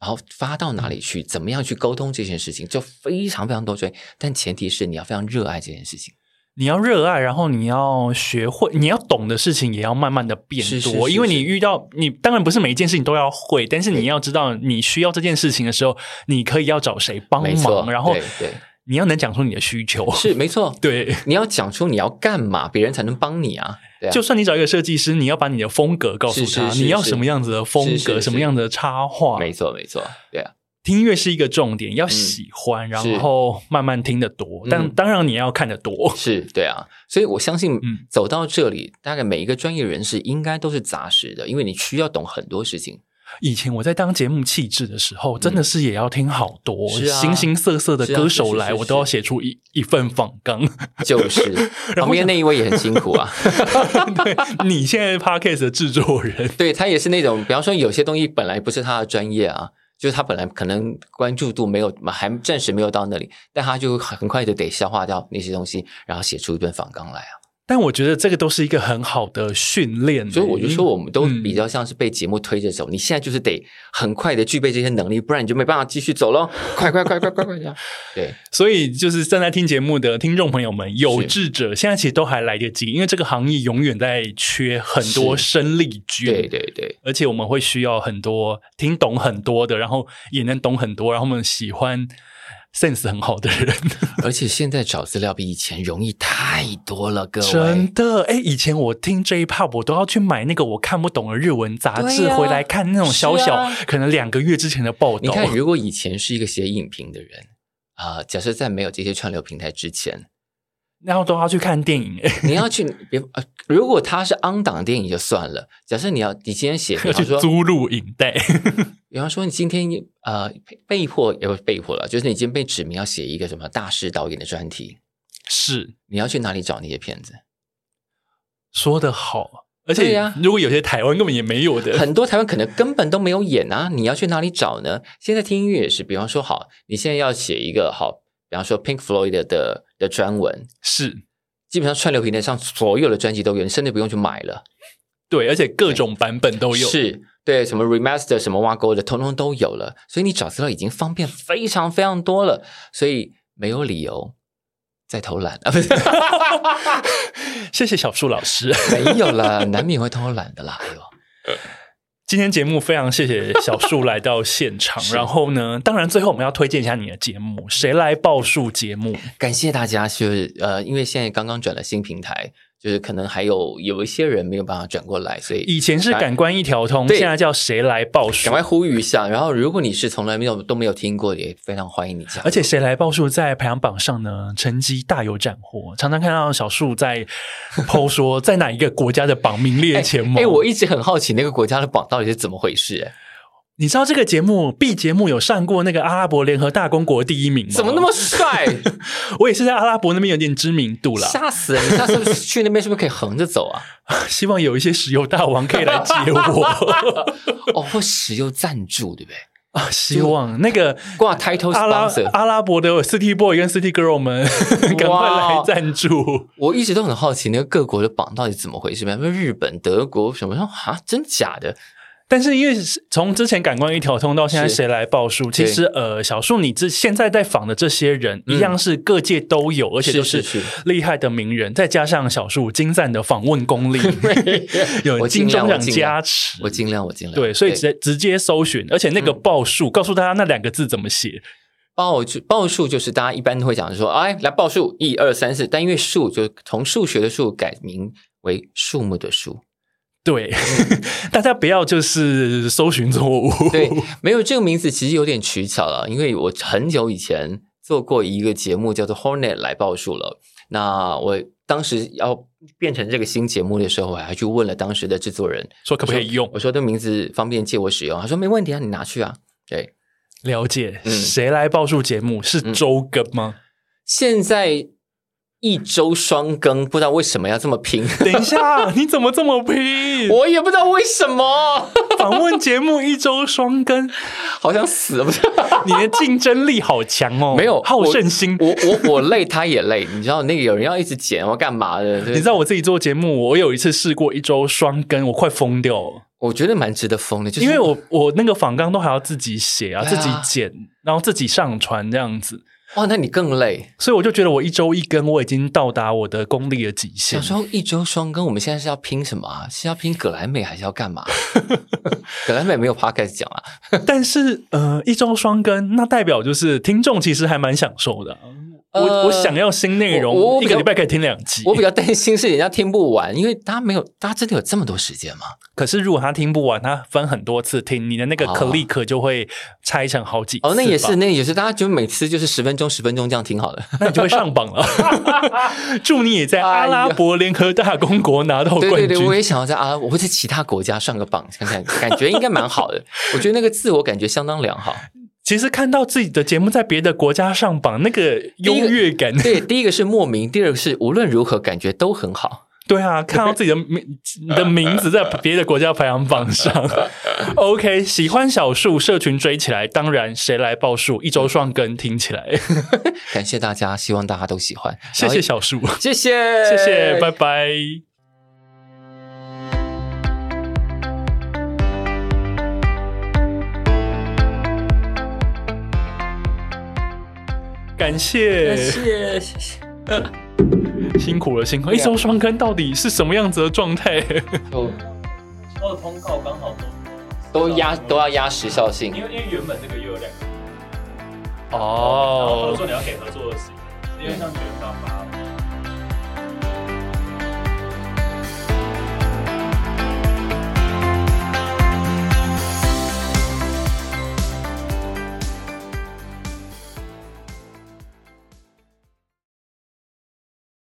B: 然後發到哪裡去，嗯、怎麼樣去溝通這件事情，就非常非常多追，但前提是你要非常熱愛這件事情。
A: 你要熱愛，然後你要學會，你要懂的事情也要慢慢的變多，是是是是，因為你遇到你當然不是每一件事情都要會，但是你要知道你需要這件事情的時候，你可以要找誰幫忙，沒錯，然後對對，你要能講出你的需求，是沒錯，對，你要講出你要幹嘛，別人才能幫你啊。啊就算你找一個設計師，你要把你的風格告訴他，是是是是，你要什麼樣子的風格，是是是是什麼樣
B: 子的插畫，沒錯沒錯，
A: 對啊。音樂是一個重點，要喜歡，嗯、然後慢慢聽得多。嗯、但當然你要看得多，是對啊。所以我相
B: 信，走到這裡，嗯、大概每一個專業人士應該都是雜食的，因為你需要懂很多
A: 事情。以前我在當節目氣質的時候，真的是也要聽好多，嗯啊、形形色色的歌手來，啊、是是是是我都要寫出一一份訪綱。 *laughs* 就是旁邊那一位也很辛苦啊。 *laughs* *laughs* 對，你現在是 Podcast 的制作人， *laughs* 對，他也是那種，比方
B: 說有些東西本來不是他的專業啊。就是他本來可能關注度沒有，還暫時沒有到那裡，但他就很快就得消化掉那些東西，然後寫出一段訪綱來啊。
A: 但我覺得這個都是一個很好的訓練，所以我就說我們都比較像是被
B: 節目推着走。嗯、你現在就是得很快的具備這些能力，不然你就沒辦法繼續走咯。 *laughs* 快快快快快快這樣！
A: 對，所以就是正在聽節目的聽眾朋友們，有志者是現在其實都還來得及，因為這個行業永遠在缺很多生力軍。對對對，而且我們會需要很多聽懂很多的，然後也能懂很多，然後我們喜歡 sense 很好的人，而且現在找資料比以前容易太多了，各位。真的，哎、欸，以前我聽 J-Pop 我都要去買那個我看不懂的日文雜誌，啊、回來看那種小小、啊、可能兩個月之前的報道。你看，如果以前是一個寫影評的人
B: 啊、呃，假設在沒有這些串流平台之前。
A: 然後都要去看電影、欸， *laughs* 你要去，
B: 比如呃，如果他是 on 檔電影就算了。假設你要，你今天寫的，比方說租錄影帶， *laughs* 比方說你今天呃被迫，被迫，也不是被迫了，就是你今天被指名要寫一個什麼大師導演的專題，是你要去哪裡找那些片子？
A: 說得好，
B: 而且呀，如果有些台
A: 灣根本也沒有的、
B: 啊，很多台灣可能根本都沒有演啊，你要去哪裡找呢？現在聽音樂也是，比方說好，你現在要寫一個好，比方說 Pink Floyd 的。的專文是，基本上串流平台上所有的專輯都有，你甚至不用去買了。
A: 對，而且各種版本都有，對是對
B: 什麼 remaster、什麼挖溝的，通通都有了。所以你找資料已經方便
A: 非常非常多了，
B: 所以沒有理由再偷懶啊！
A: *laughs* *laughs* 謝謝小樹老師，沒 *laughs* 有啦，難免會偷懶的啦，哎呦。呃今天節目非常謝謝小樹來到現場， *laughs* 是然後呢，當然最後我們要推薦一下你的節目《誰來報樹》節目，感謝大家，就是呃，因為現在剛剛轉了新平台。
B: 就是可能還有有一些人沒有辦法轉過來，所以以前是感
A: 官一條通，對現在叫
B: 誰來報樹，趕快呼籲一下！然後，如果你是從來沒有都沒有聽過，也非常歡迎你加入。而且，
A: 誰來報樹在排行榜上呢，成績大有斬獲，常常看到小樹在 PO 說，在哪一個國家的榜名列前茅。哎、 *laughs* 欸欸，我一直很好奇那個國家的榜到底是怎麼回事？你知道這個節目 B 節目有上過那個阿拉伯聯合大公國第一名嗎？怎麼那麼帥？ *laughs* 我也是在阿拉伯那邊有點知名度啦，嚇死人！你那是不是去那邊 *laughs* 是不是可以橫着走啊？希望有一些石油大王可以來接我 *laughs* *laughs* 哦，或石油贊助對不對？啊，希望對那個掛 title sponsor 阿，阿拉伯的 city boy 跟 city girl 們 *laughs* 趕快來贊助。我一直都很好奇那個各國的榜到底怎麼回事，比如日本、德國什麼什麼啊？真假的？但是因為從之前感官一條通到現在誰來報樹，其實呃小樹你這現在在訪的這些人、嗯、一樣是各界都有，而且都是厲害的名人，再加上小樹精湛的訪問功力，對 *laughs* 有金鐘獎加持，我盡量我盡量，我盡量，我盡量，對，所以直直接搜尋，對而且那個報樹、嗯、告訴大家那兩個字怎麼寫？報報
B: 數就是大家一般都會講說哎來報數一二三四，1, 2, 3, 4, 但因為數就從數學的數改名為樹木的樹。
A: 對，嗯、大家不要就是
B: 搜尋錯誤。對，沒有，這個名字其實有點取巧了，因為我很久以前做過一個節目叫做《Hornet》來報樹了。那我當時要變成這個新節目的時候，我還去問了當時的製作人，說可不可以用。我說我說這名字方便借我使用，他說沒問題啊，你拿去啊。對，
A: 了解。嗯、誰來報樹節目？是
B: 周更嗎、嗯嗯？現在。一週雙更，不知道為什麼要這麼拼。
A: *laughs* 等一下，你怎麼這麼拼？我也不知道為什麼。訪 *laughs* 問節目，一週雙更，好想死！了，不是 *laughs* 你的競爭力好強哦。沒有好勝心，我我我累，
B: 他也累。 *laughs* 你知道那個有人要一直剪，要幹嘛的？對對，你
A: 知道我自己做節目，我有一次試過一週雙更，我快瘋掉了。我覺得蠻值得瘋的，就是因為我我那個訪綱都還要自己寫啊，啊自己剪，然後自己上傳這樣子。哇、哦，那你更累，所以我就覺得我一周一更，我已經到達我的功力的極限。想說
B: 一周雙更，我們現在是要拼什麼啊？是要拼葛萊美，還是要幹嘛？
A: *laughs* 葛萊美沒有 Podcast 講啊。 *laughs* 但是，呃，一周雙更，那代表就是聽眾其實還蠻享受的、啊。我、呃、我想要新內容，一個禮拜可以聽兩集。我比較擔心是人家聽不完，因為大家沒有，大家真的有這麼多時間嗎？可是如果他聽不完，他分很多次聽，你的那個 click 就會拆成好幾次。哦，那也是，那也是，大家就每次就是十
B: 分鐘，十分鐘這樣挺好的，
A: 那你就會上榜了。 *laughs* *laughs* 祝你也在阿拉伯、啊、聯合大公國拿到冠軍。對對對，我也想要在
B: 阿拉伯，我會在其他國家上個榜，
A: 想想感覺應該蠻好的。 *laughs* 我覺得那個自我感覺相當良好。其實看到自己的節目在別的國家
B: 上榜，那個優越感。對，第一個是莫名，第二個是無論如何感覺都很好。
A: 對啊，看到自己的名、 *laughs* 的名字在別的國家排行榜上。 *laughs* OK，喜歡小樹社群追起來，當然誰來報樹一周雙更，聽起來 *laughs* 感謝大家，希望大家都喜歡。謝謝小樹，謝謝 *laughs* 謝謝， *laughs* 拜拜。感謝，謝謝，謝謝、呃，辛苦了，辛苦了。一周雙更到底是什麼樣子的狀態？哦、啊，哦， *laughs* 通告剛好都都
B: 壓都要壓時效性，
A: 因為因為原
B: 本那個又有兩個，哦，或者說
A: 你要給合作的時間像捲髮髮